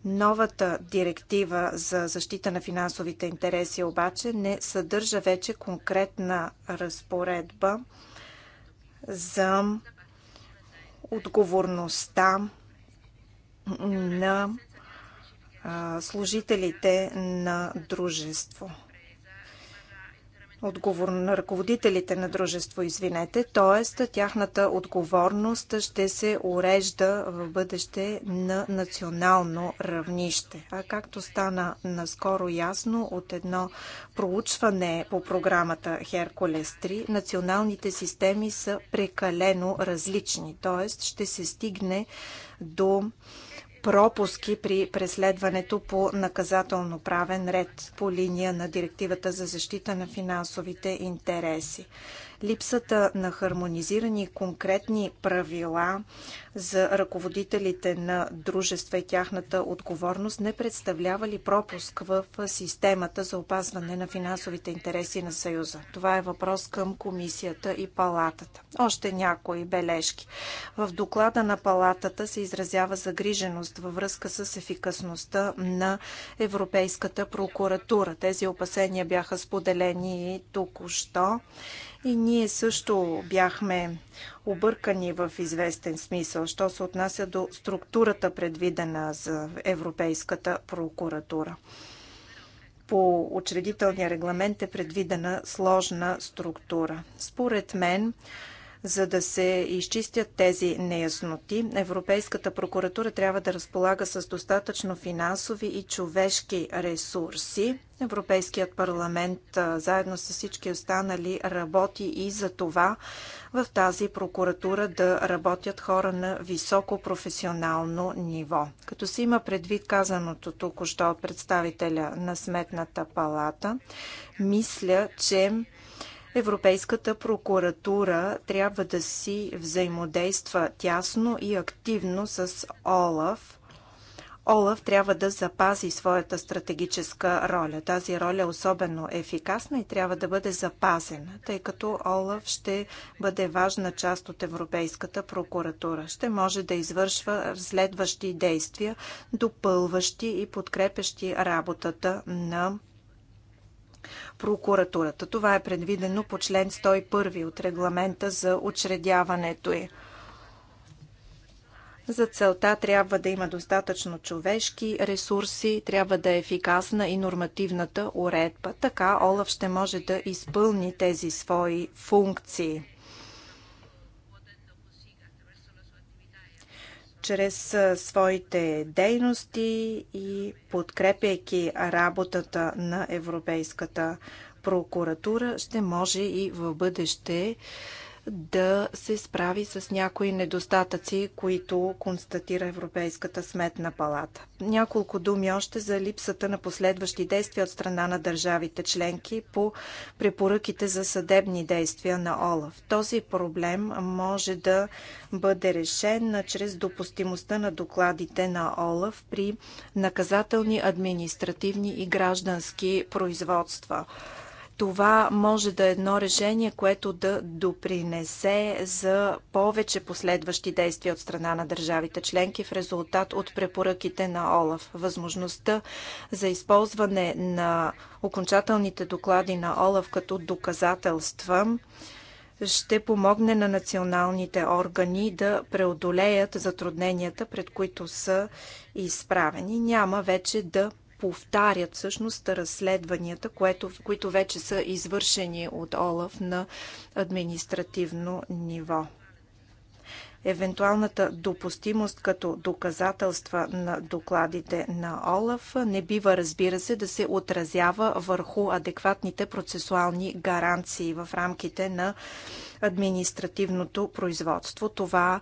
Новата директива за защита на финансовите интереси обаче не съдържа вече конкретна разпоредба за отговорността на служителите на дружество. Отговор на ръководителите на дружество, извинете, т.е. тяхната отговорност ще се урежда в бъдеще на национално равнище. А както стана наскоро ясно от едно проучване по програмата Херкулес 3, националните системи са прекалено различни, т.е. ще се стигне до пропуски при преследването по наказателно правен ред по линия на Директивата за защита на финансовите интереси. Липсата на хармонизирани конкретни правила за ръководителите на дружества и тяхната отговорност не представлява ли пропуск в системата за опазване на финансовите интереси на Съюза? Това е въпрос към комисията и палатата. Още някои бележки. В доклада на палатата се изразява загриженост във връзка с ефикасността на Европейската прокуратура. Тези опасения бяха споделени и току-що. И ние също бяхме объркани в известен смисъл, що се отнася до структурата, предвидена за Европейската прокуратура. По учредителния регламент е предвидена сложна структура. Според мен, за да се изчистят тези неясноти, Европейската прокуратура трябва да разполага с достатъчно финансови и човешки ресурси. Европейският парламент заедно с всички останали работи и за това в тази прокуратура да работят хора на високо професионално ниво. Като се има предвид казаното тук, що от представителя на Сметната палата, мисля, че Европейската прокуратура трябва да си взаимодейства тясно и активно с ОЛАФ. ОЛАФ трябва да запази своята стратегическа роля. Тази роля е особено ефикасна и трябва да бъде запазена, тъй като ОЛАФ ще бъде важна част от Европейската прокуратура. Ще може да извършва следващи действия, допълващи и подкрепящи работата на прокуратурата. Това е предвидено по член 101 от регламента за учредяването й. За целта трябва да има достатъчно човешки ресурси, трябва да е ефикасна и нормативната уредба. Така Олаф ще може да изпълни тези свои функции. чрез своите дейности и подкрепяйки работата на Европейската прокуратура, ще може и в бъдеще да се справи с някои недостатъци, които констатира Европейската сметна палата. Няколко думи още за липсата на последващи действия от страна на държавите членки по препоръките за съдебни действия на ОЛАФ. Този проблем може да бъде решен чрез допустимостта на докладите на ОЛАФ при наказателни, административни и граждански производства това може да е едно решение, което да допринесе за повече последващи действия от страна на държавите членки в резултат от препоръките на ОЛАФ. Възможността за използване на окончателните доклади на ОЛАФ като доказателства ще помогне на националните органи да преодолеят затрудненията, пред които са изправени. Няма вече да повтарят всъщност разследванията, което, които вече са извършени от ОЛАФ на административно ниво. Евентуалната допустимост като доказателства на докладите на ОЛАФ не бива, разбира се, да се отразява върху адекватните процесуални гаранции в рамките на административното производство. Това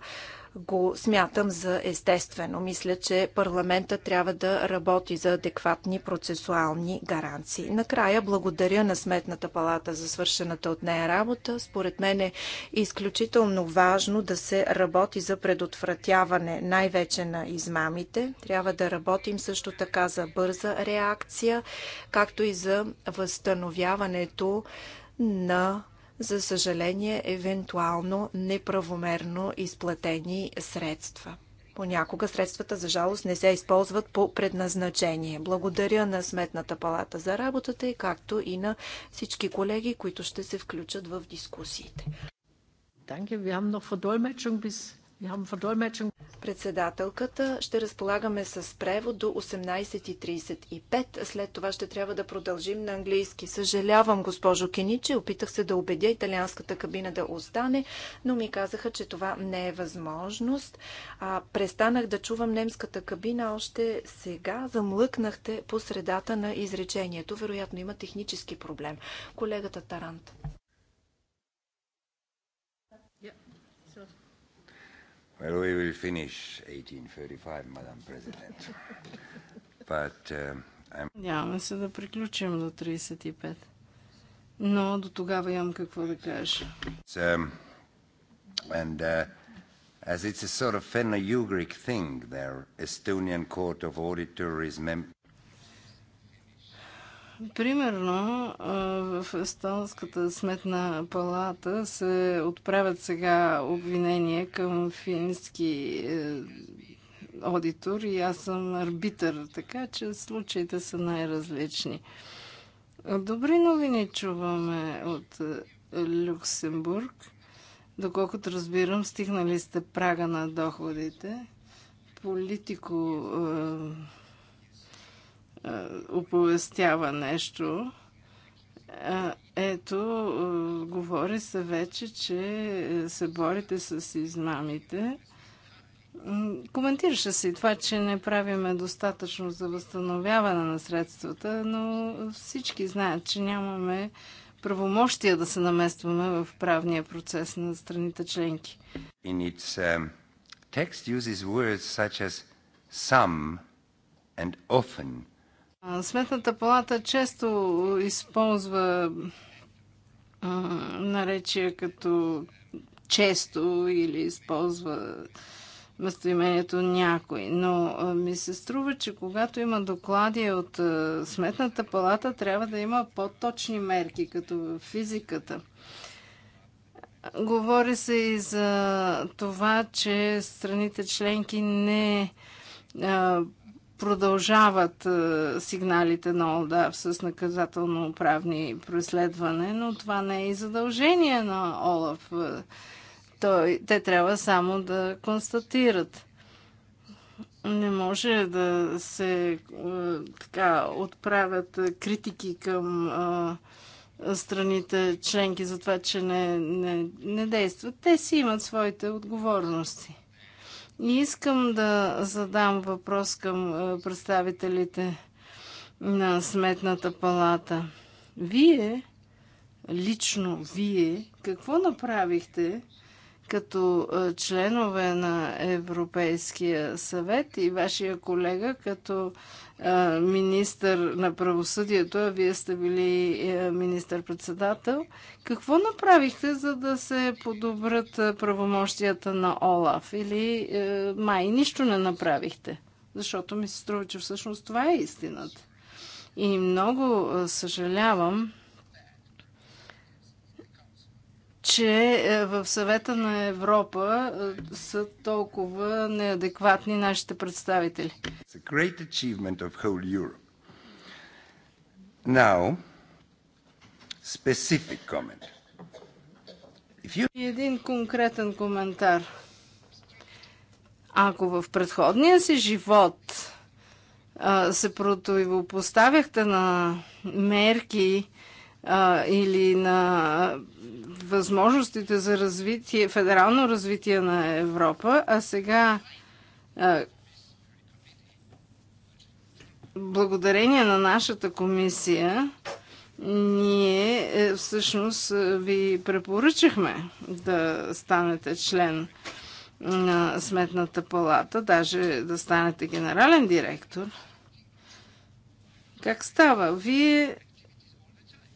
го смятам за естествено. Мисля, че парламента трябва да работи за адекватни процесуални гаранции. Накрая благодаря на Сметната палата за свършената от нея работа. Според мен е изключително важно да се работи за предотвратяване най-вече на измамите. Трябва да работим също така за бърза реакция, както и за възстановяването на за съжаление, евентуално неправомерно изплатени средства. Понякога средствата, за жалост, не се използват по предназначение. Благодаря на Сметната палата за работата и както и на всички колеги, които ще се включат в дискусиите. Danke, wir haben noch Verdolmetschung bis Председателката ще разполагаме с превод до 18.35. След това ще трябва да продължим на английски. Съжалявам, госпожо Кениче, опитах се да убедя италианската кабина да остане, но ми казаха, че това не е възможност. А, престанах да чувам немската кабина още сега. Замлъкнахте по средата на изречението. Вероятно има технически проблем. Колегата Тарант. Well, we will finish 1835, Madam President. But, uh, I'm... Няма се да приключим до 35. Но до тогава имам какво да кажа. Um, and uh, as it's a sort of fenno ugric thing, their Estonian Court of Auditor is mem- Примерно в Естонската сметна палата се отправят сега обвинения към фински е, аудитор и аз съм арбитър, така че случаите са най-различни. Добри новини чуваме от е, Люксембург. Доколкото разбирам, стигнали сте прага на доходите. Политико е, е, оповестява нещо. Е, ето, е, говори се вече, че се борите с измамите. Коментираше се и това, че не правиме достатъчно за възстановяване на средствата, но всички знаят, че нямаме правомощия да се наместваме в правния процес на страните членки. In its um, text uses words such as some and often Сметната палата често използва наречия като често или използва местоимението някой. Но ми се струва, че когато има доклади от Сметната палата, трябва да има по-точни мерки, като в физиката. Говори се и за това, че страните членки не Продължават е, сигналите на ОЛДАФ с наказателно-правни преследване, но това не е и задължение на ОЛАФ. Е, той, те трябва само да констатират. Не може да се е, така отправят критики към страните членки за това, че не, не, не действат. Те си имат своите отговорности. И искам да задам въпрос към е, представителите на Сметната палата. Вие, лично вие, какво направихте като е, членове на Европейския съвет и вашия колега като министър на правосъдието, а вие сте били е, министър-председател. Какво направихте, за да се подобрат правомощията на ОЛАФ? Или е, май нищо не направихте? Защото ми се струва, че всъщност това е истината. И много съжалявам, че е, в съвета на Европа е, са толкова неадекватни нашите представители. Now, specific comment. You... Един конкретен коментар. Ако в предходния си живот а, се противопоставяхте на мерки а, или на възможностите за развитие, федерално развитие на Европа, а сега благодарение на нашата комисия ние е, всъщност е, ви препоръчахме да станете член на Сметната палата, даже да станете генерален директор. Как става? Вие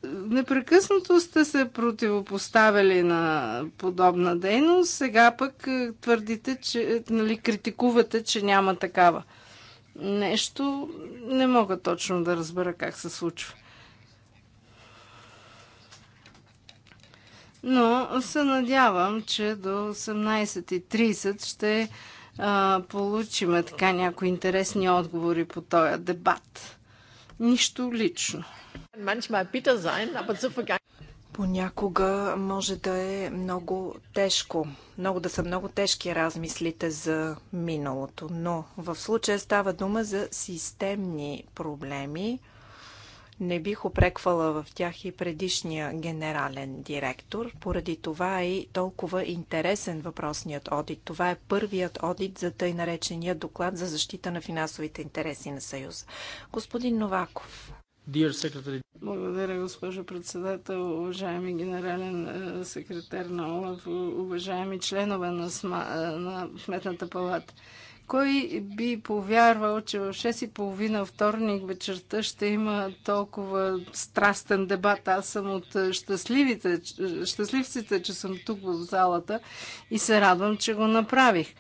непрекъснато сте се противопоставили на подобна дейност, сега пък е, твърдите, че е, нали, критикувате, че няма такава. Нещо не мога точно да разбера как се случва. Но се надявам, че до 18.30 ще а, получим така някои интересни отговори по този дебат. Нищо лично. Понякога може да е много тежко, много да са много тежки размислите за миналото, но в случая става дума за системни проблеми, не бих опреквала в тях и предишния генерален директор. Поради това е и толкова интересен въпросният одит. Това е първият одит за тъй наречения доклад за защита на финансовите интереси на Съюз. Господин Новаков. Благодаря, госпожо председател, уважаеми генерален е, секретар на ОЛАФ, уважаеми членове на, СМА, е, на Сметната палата. Кой би повярвал, че в 6.30 вторник вечерта ще има толкова страстен дебат? Аз съм от щастливите, щастливците, че съм тук в залата и се радвам, че го направих.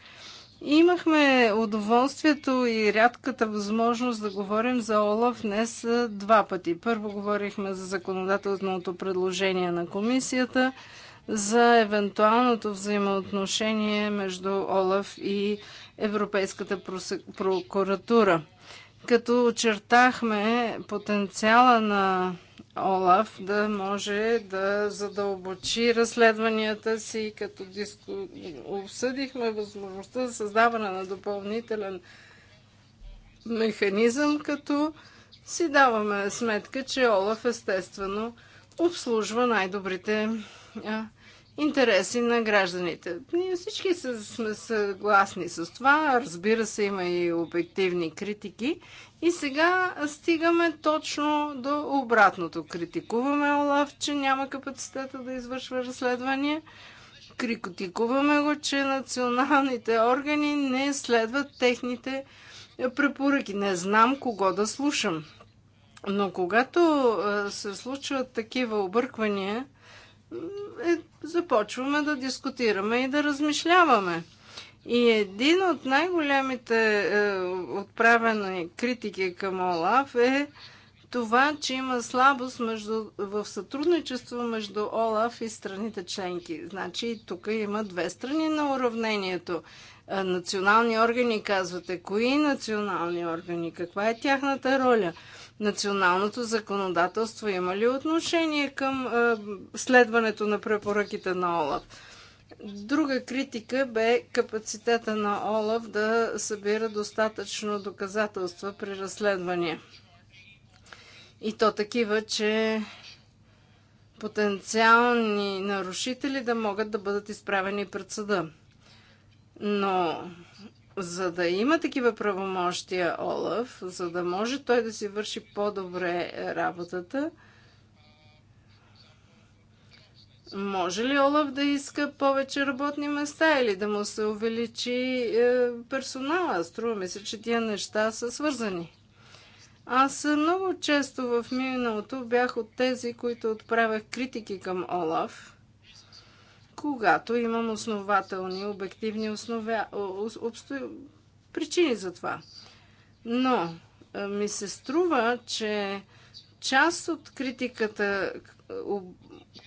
Имахме удоволствието и рядката възможност да говорим за Олаф днес два пъти. Първо говорихме за законодателното предложение на комисията – за евентуалното взаимоотношение между ОЛАФ и Европейската прокуратура. Като очертахме потенциала на ОЛАФ да може да задълбочи разследванията си, като диску... обсъдихме възможността за създаване на допълнителен механизъм, като си даваме сметка, че ОЛАФ естествено обслужва най-добрите интереси на гражданите. Ние всички сме съгласни с това. Разбира се, има и обективни критики. И сега стигаме точно до обратното. Критикуваме Олаф, че няма капацитета да извършва разследвания. Критикуваме го, че националните органи не следват техните препоръки. Не знам кого да слушам. Но когато се случват такива обърквания, е, започваме да дискутираме и да размишляваме. И един от най-големите е, отправени критики към Олаф е това, че има слабост между, в сътрудничество между ОЛАФ и страните членки. Значи тук има две страни на уравнението. Национални органи, казвате. Кои национални органи? Каква е тяхната роля? Националното законодателство има ли отношение към е, следването на препоръките на ОЛАФ? Друга критика бе капацитета на ОЛАФ да събира достатъчно доказателства при разследвания. И то такива, че потенциални нарушители да могат да бъдат изправени пред съда. Но за да има такива правомощия Олаф, за да може той да си върши по-добре работата, може ли Олаф да иска повече работни места или да му се увеличи е, персонала? Струва ми се, че тия неща са свързани. Аз много често в миналото бях от тези, които отправях критики към Олаф, когато имам основателни, обективни основя... обсто... причини за това. Но ми се струва, че част от критиката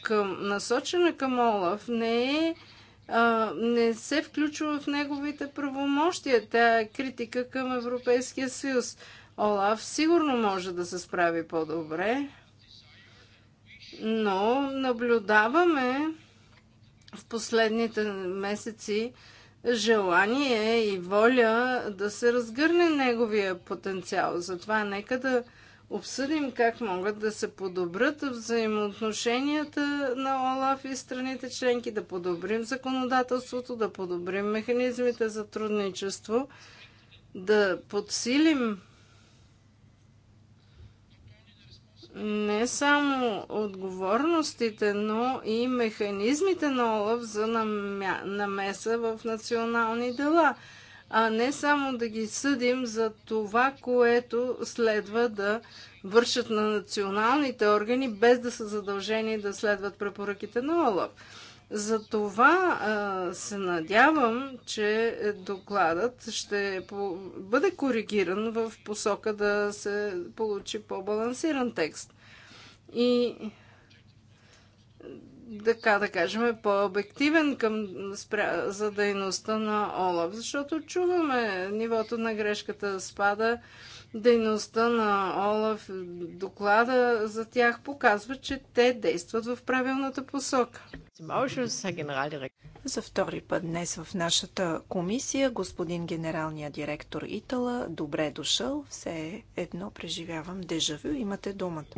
към, насочена към Олаф не е не се включва в неговите правомощия. Тя е критика към Европейския съюз. Олаф сигурно може да се справи по-добре, но наблюдаваме в последните месеци желание и воля да се разгърне неговия потенциал. Затова нека да обсъдим как могат да се подобрят взаимоотношенията на ОЛАФ и страните членки, да подобрим законодателството, да подобрим механизмите за трудничество, да подсилим не само отговорностите, но и механизмите на ОЛАФ за намеса в национални дела, а не само да ги съдим за това, което следва да вършат на националните органи, без да са задължени да следват препоръките на ОЛАВ. Затова се надявам, че докладът ще бъде коригиран в посока да се получи по-балансиран текст. И така да кажем, по-обективен към спря... за дейността на Олаф, защото чуваме нивото на грешката спада дейността на Олаф, доклада за тях показва, че те действат в правилната посока. За втори път днес в нашата комисия господин генералния директор Итала, добре дошъл, все едно преживявам дежавю, имате думата.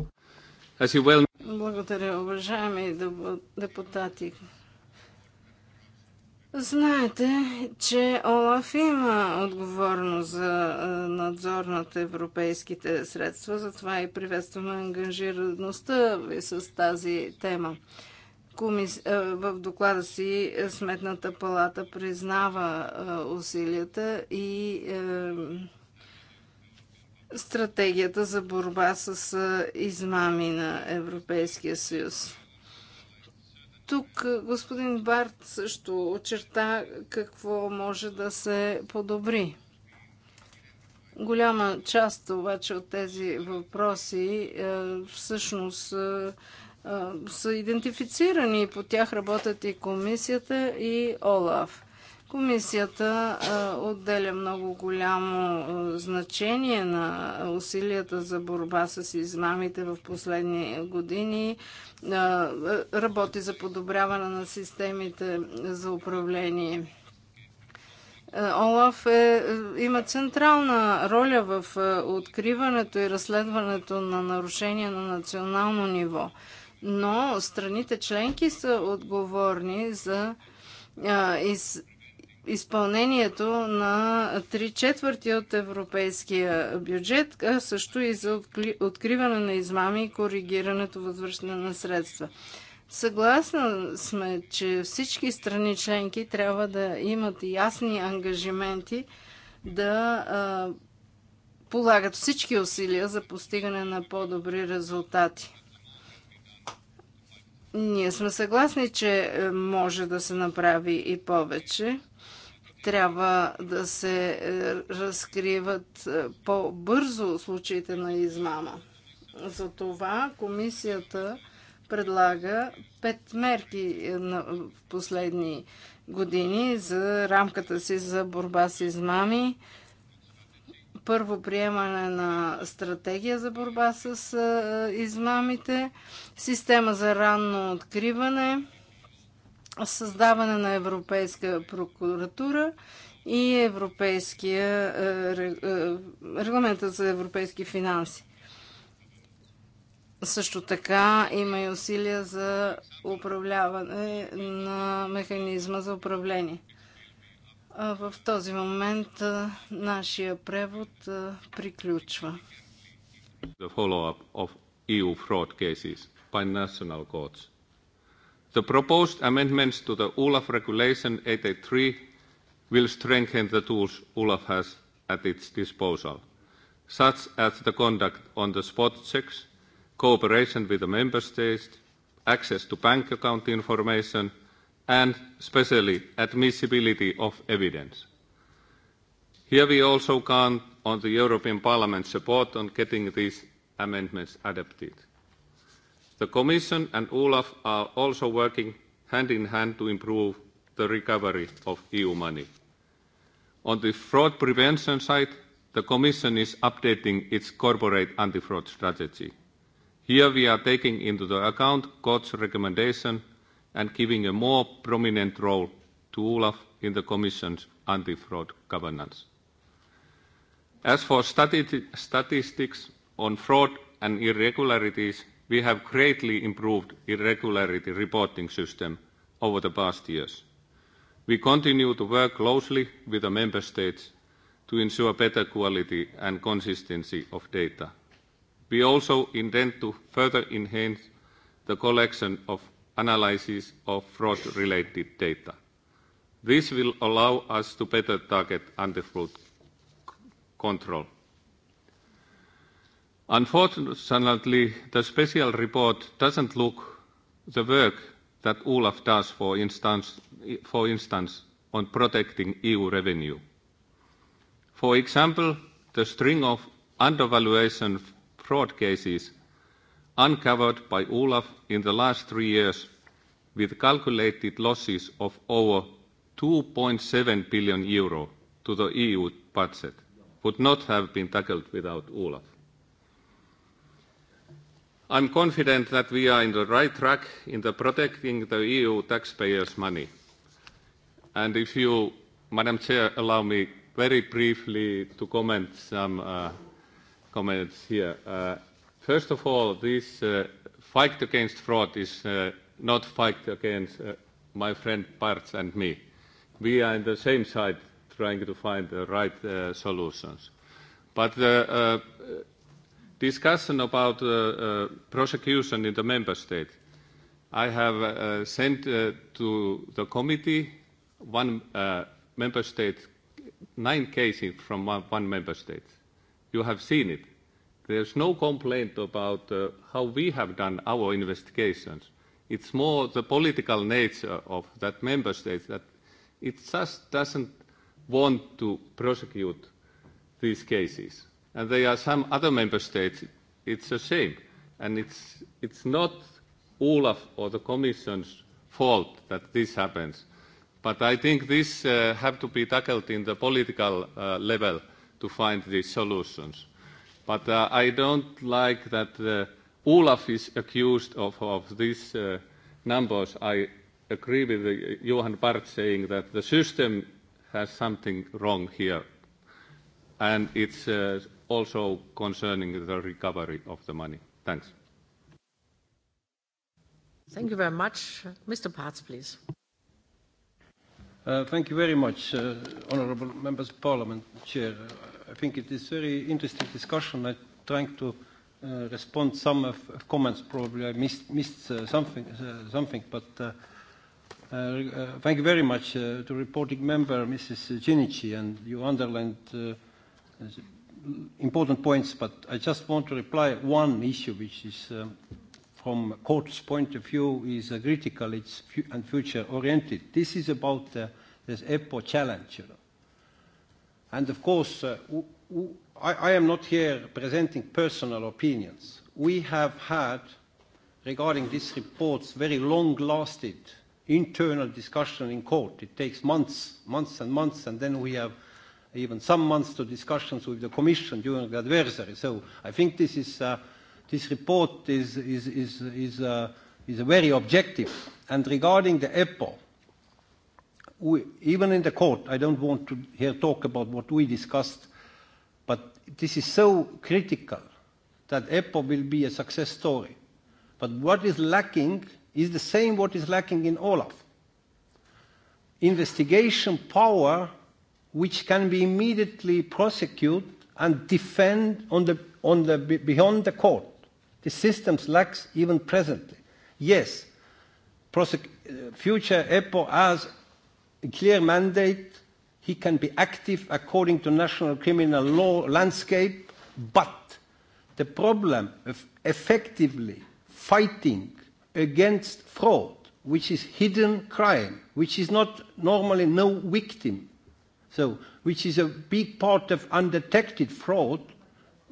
Благодаря, уважаеми депутати. Знаете, че ОЛАФ има отговорност за надзор над европейските средства, затова и приветстваме ангажираността ви с тази тема. В доклада си Сметната палата признава усилията и стратегията за борба с измами на Европейския съюз. Тук господин Барт също очерта какво може да се подобри. Голяма част обаче от тези въпроси е, всъщност е, е, са идентифицирани. и По тях работят и комисията, и ОЛАФ. Комисията отделя много голямо значение на усилията за борба с измамите в последни години. Работи за подобряване на системите за управление. ОЛАФ е, има централна роля в откриването и разследването на нарушения на национално ниво. Но страните членки са отговорни за из, изпълнението на три четвърти от европейския бюджет, а също и за откриване на измами и коригирането възвръщане на средства. Съгласна сме, че всички страни членки трябва да имат ясни ангажименти да а, полагат всички усилия за постигане на по-добри резултати. Ние сме съгласни, че е, може да се направи и повече трябва да се е, разкриват е, по-бързо случаите на измама. Затова комисията предлага пет мерки е, в последни години за рамката си за борба с измами. Първо приемане на стратегия за борба с измамите, система за ранно откриване – създаване на Европейска прокуратура и Европейския е, е, регламента за европейски финанси. Също така има и усилия за управляване на механизма за управление. В този момент е, нашия превод приключва. The follow-up of EU fraud cases by national courts. The proposed amendments to the Olaf Regulation 883 will strengthen the tools Olaf has at its disposal, such as the conduct on the spot checks, cooperation with the member states, access to bank account information, and especially admissibility of evidence. Here we also count on the European Parliament's support on getting these amendments adopted. The Commission and Olaf are also working hand in hand to improve the recovery of EU money. On the fraud prevention side, the Commission is updating its corporate anti-fraud strategy. Here we are taking into the account court's recommendation and giving a more prominent role to Olaf in the Commission's anti-fraud governance. As for statistics on fraud and irregularities, we have greatly improved irregularity reporting system over the past years. We continue to work closely with the member states to ensure better quality and consistency of data. We also intend to further enhance the collection of analysis of fraud-related data. This will allow us to better target anti-fraud control. Unfortunately, the special report doesn't look the work that Olaf does, for instance, for instance, on protecting EU revenue. For example, the string of undervaluation fraud cases uncovered by Olaf in the last three years with calculated losses of over 2.7 billion euro to the EU budget would not have been tackled without Olaf. I'm confident that we are in the right track in the protecting the EU taxpayers' money. And if you, Madam Chair, allow me very briefly to comment some uh, comments here. Uh, first of all, this uh, fight against fraud is uh, not fight against uh, my friend Parts and me. We are on the same side trying to find the right uh, solutions. But the uh, discussion about uh, prosecution in the member state. I have uh, sent uh, to the committee one uh, member state, nine cases from one, one member state. You have seen it. There's no complaint about uh, how we have done our investigations. It's more the political nature of that member state that it just doesn't want to prosecute these cases and there are some other member states, it's the same. And it's, it's not Olaf or the Commission's fault that this happens. But I think this uh, have to be tackled in the political uh, level to find these solutions. But uh, I don't like that uh, Olaf is accused of, of these uh, numbers. I agree with uh, Johan Barth saying that the system has something wrong here and it's uh, also concerning the recovery of the money. Thanks. Thank you very much. Mr. Parts, please. Uh, thank you very much, uh, honourable members of parliament, chair. I think it is very interesting discussion. I'm trying to uh, respond some of, of comments. Probably I missed, missed uh, something, uh, something, but uh, uh, thank you very much uh, to reporting member Mrs. Ginici, and you underlined uh, important points, but I just want to reply one issue, which is um, from court's point of view is uh, critical it's fu- and future oriented. This is about uh, this EPO challenge. You know. And of course, uh, w- w- I, I am not here presenting personal opinions. We have had, regarding these reports, very long-lasting internal discussion in court. It takes months, months and months, and then we have – even some months to discussions with the Commission during the adversary. So I think this is uh, this report is is is is, uh, is very objective. And regarding the EPO, we, even in the court, I don't want to here talk about what we discussed, but this is so critical that EPO will be a success story. But what is lacking is the same what is lacking in Olaf. Investigation power which can be immediately prosecuted and defend on the, on the, beyond the court. The system lacks even presently. Yes, prosec- future EPO has a clear mandate. He can be active according to national criminal law landscape, but the problem of effectively fighting against fraud, which is hidden crime, which is not normally no victim so which is a big part of undetected fraud,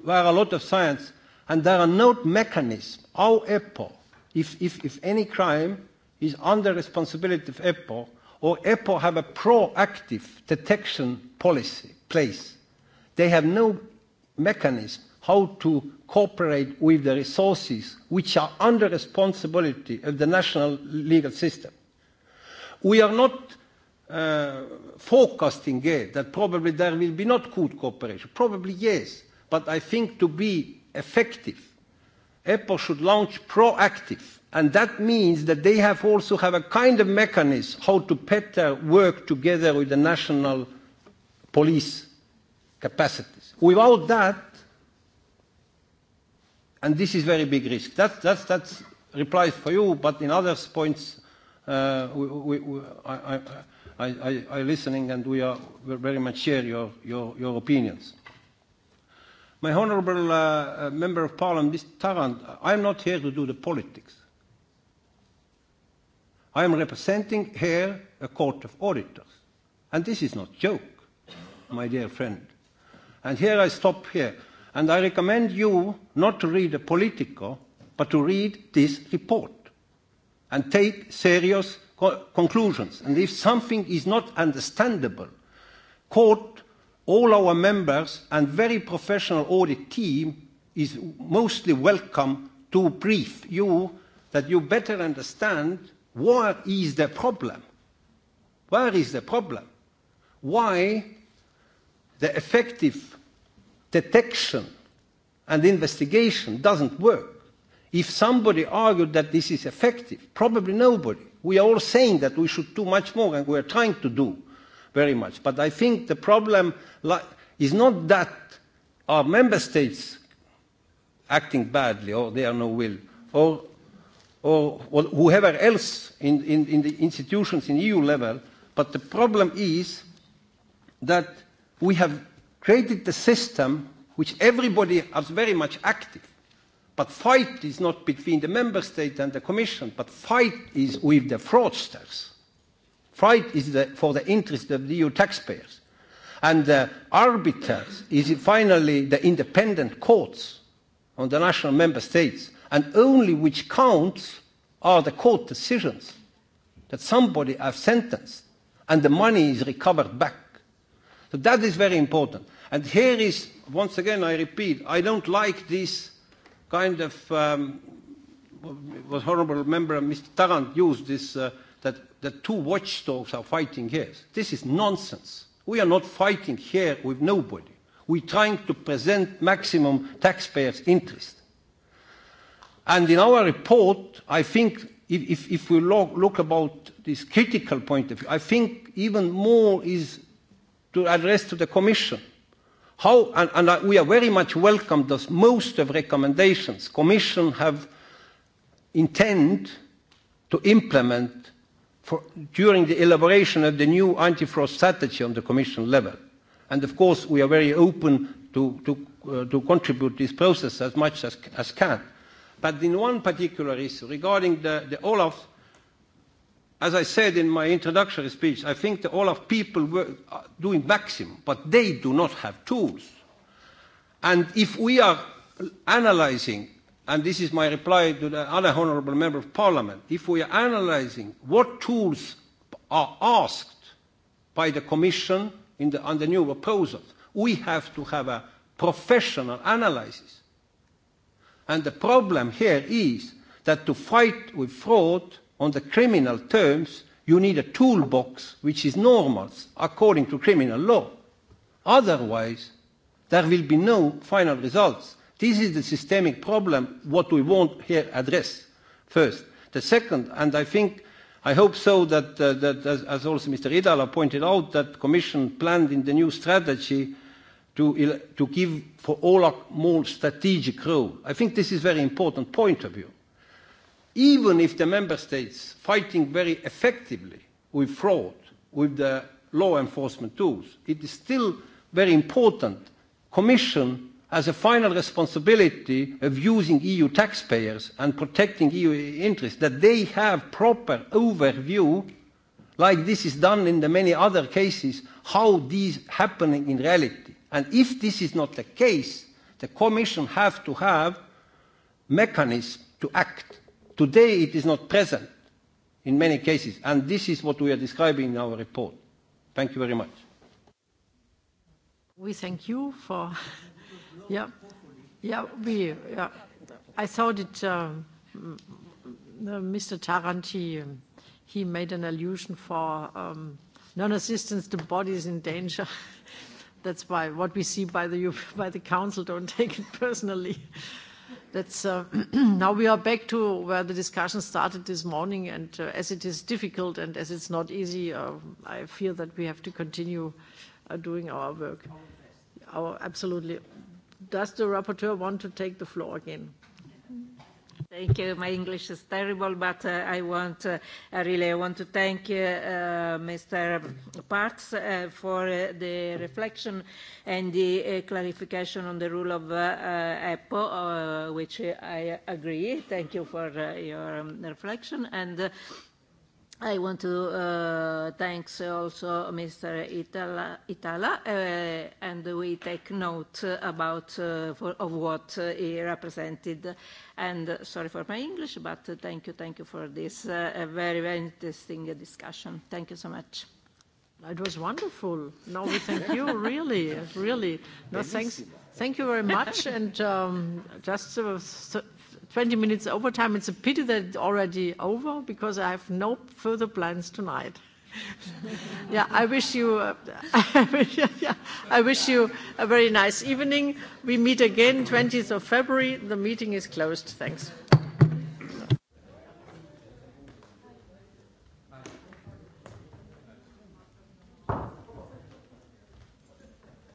where a lot of science, and there are no mechanisms how EPPO, if, if, if any crime is under responsibility of EPPO, or EPPO have a proactive detection policy place, they have no mechanism how to cooperate with the resources which are under responsibility of the national legal system. We are not uh, forecasting yet that probably there will be not good cooperation. Probably yes, but I think to be effective, Apple should launch proactive, and that means that they have also have a kind of mechanism how to better work together with the national police capacities. Without that, and this is very big risk. That that's that's replies for you, but in other points, uh, we, we, we, I, I, I, I, I listening and we are very much share your, your, your opinions. My honourable uh, member of parliament, Mr. I I'm not here to do the politics. I am representing here a court of auditors. And this is not joke, my dear friend. And here I stop here. And I recommend you not to read a Politico, but to read this report and take serious conclusions. And if something is not understandable, court, all our members and very professional audit team is mostly welcome to brief you that you better understand what is the problem. Where is the problem? Why the effective detection and investigation doesn't work? If somebody argued that this is effective, probably nobody. We are all saying that we should do much more, and we are trying to do very much. But I think the problem is not that our member states acting badly or they are no will, or, or whoever else in, in, in the institutions in EU level, but the problem is that we have created the system which everybody is very much active But fight is not between the member state and the commission, but fight is with the fraudsters. Fight is the, for the interest of the EU taxpayers. And the arbiters is finally the independent courts on the national member states. And only which counts are the court decisions that somebody has sentenced and the money is recovered back. So that is very important. And here is, once again, I repeat, I don't like this kind of um, was honourable member Mr. Tarrant used this uh, that the two watchdogs are fighting here. This is nonsense. We are not fighting here with nobody. We're trying to present maximum taxpayers' interest. And in our report, I think if, if, if we look, look about this critical point of view, I think even more is to address to the Commission – How, and, and I, we are very much welcome that most of recommendations Commission have intend to implement for, during the elaboration of the new anti-fraud strategy on the Commission level. And of course, we are very open to, to, uh, to contribute this process as much as, as can. But in one particular issue, regarding the, the Olaf As I said in my introductory speech, I think the Olaf people were doing maximum, but they do not have tools. And if we are analyzing, and this is my reply to the other honorable member of parliament, if we are analyzing what tools are asked by the commission in the, on the new proposals, we have to have a professional analysis. And the problem here is that to fight with fraud – on the criminal terms, you need a toolbox which is normal according to criminal law. Otherwise, there will be no final results. This is the systemic problem, what we want here address first. The second, and I think, I hope so that, uh, that as, as also Mr. Idala pointed out, that the Commission planned in the new strategy to, to give for OLAC more strategic role. I think this is a very important point of view even if the member states fighting very effectively with fraud, with the law enforcement tools, it is still very important. Commission has a final responsibility of using EU taxpayers and protecting EU interests, that they have proper overview, like this is done in the many other cases, how these happening in reality. And if this is not the case, the Commission have to have mechanism to act Today it is not present in many cases, and this is what we are describing in our report. Thank you very much. We thank you for, yeah, yeah, we, yeah. I thought it, um, Mr. Taranti, he made an allusion for um, non-assistance to bodies in danger. That's why what we see by the, by the council, don't take it personally. That's now we are back to where the discussion started this morning, and as it is difficult and as it's not easy, I feel that we have to continue doing our work. Our Absolutely. Does the rapporteur want to take the floor again? Thank you. My English is terrible, but uh, I want uh, really I want to thank uh, uh, Mr. Parts uh, for uh, the reflection and the uh, clarification on the rule of uh, EPO, uh, which I agree. Thank you for uh, your um, reflection and. Uh, I want to uh, thank also Mr. Itala, Itala uh, and we take note about uh, for, of what he represented And sorry for my English, but thank you, thank you for this uh, a very, very interesting uh discussion. Thank you so much. It was wonderful. No, we thank you, really, really. No, thanks. Thank you very much. And um, just uh, 20 minutes overtime. It's a pity that it's already over because I have no further plans tonight yeah, I wish you, uh, I wish you a very nice evening. We meet again 20th of February. The meeting is closed. Thanks.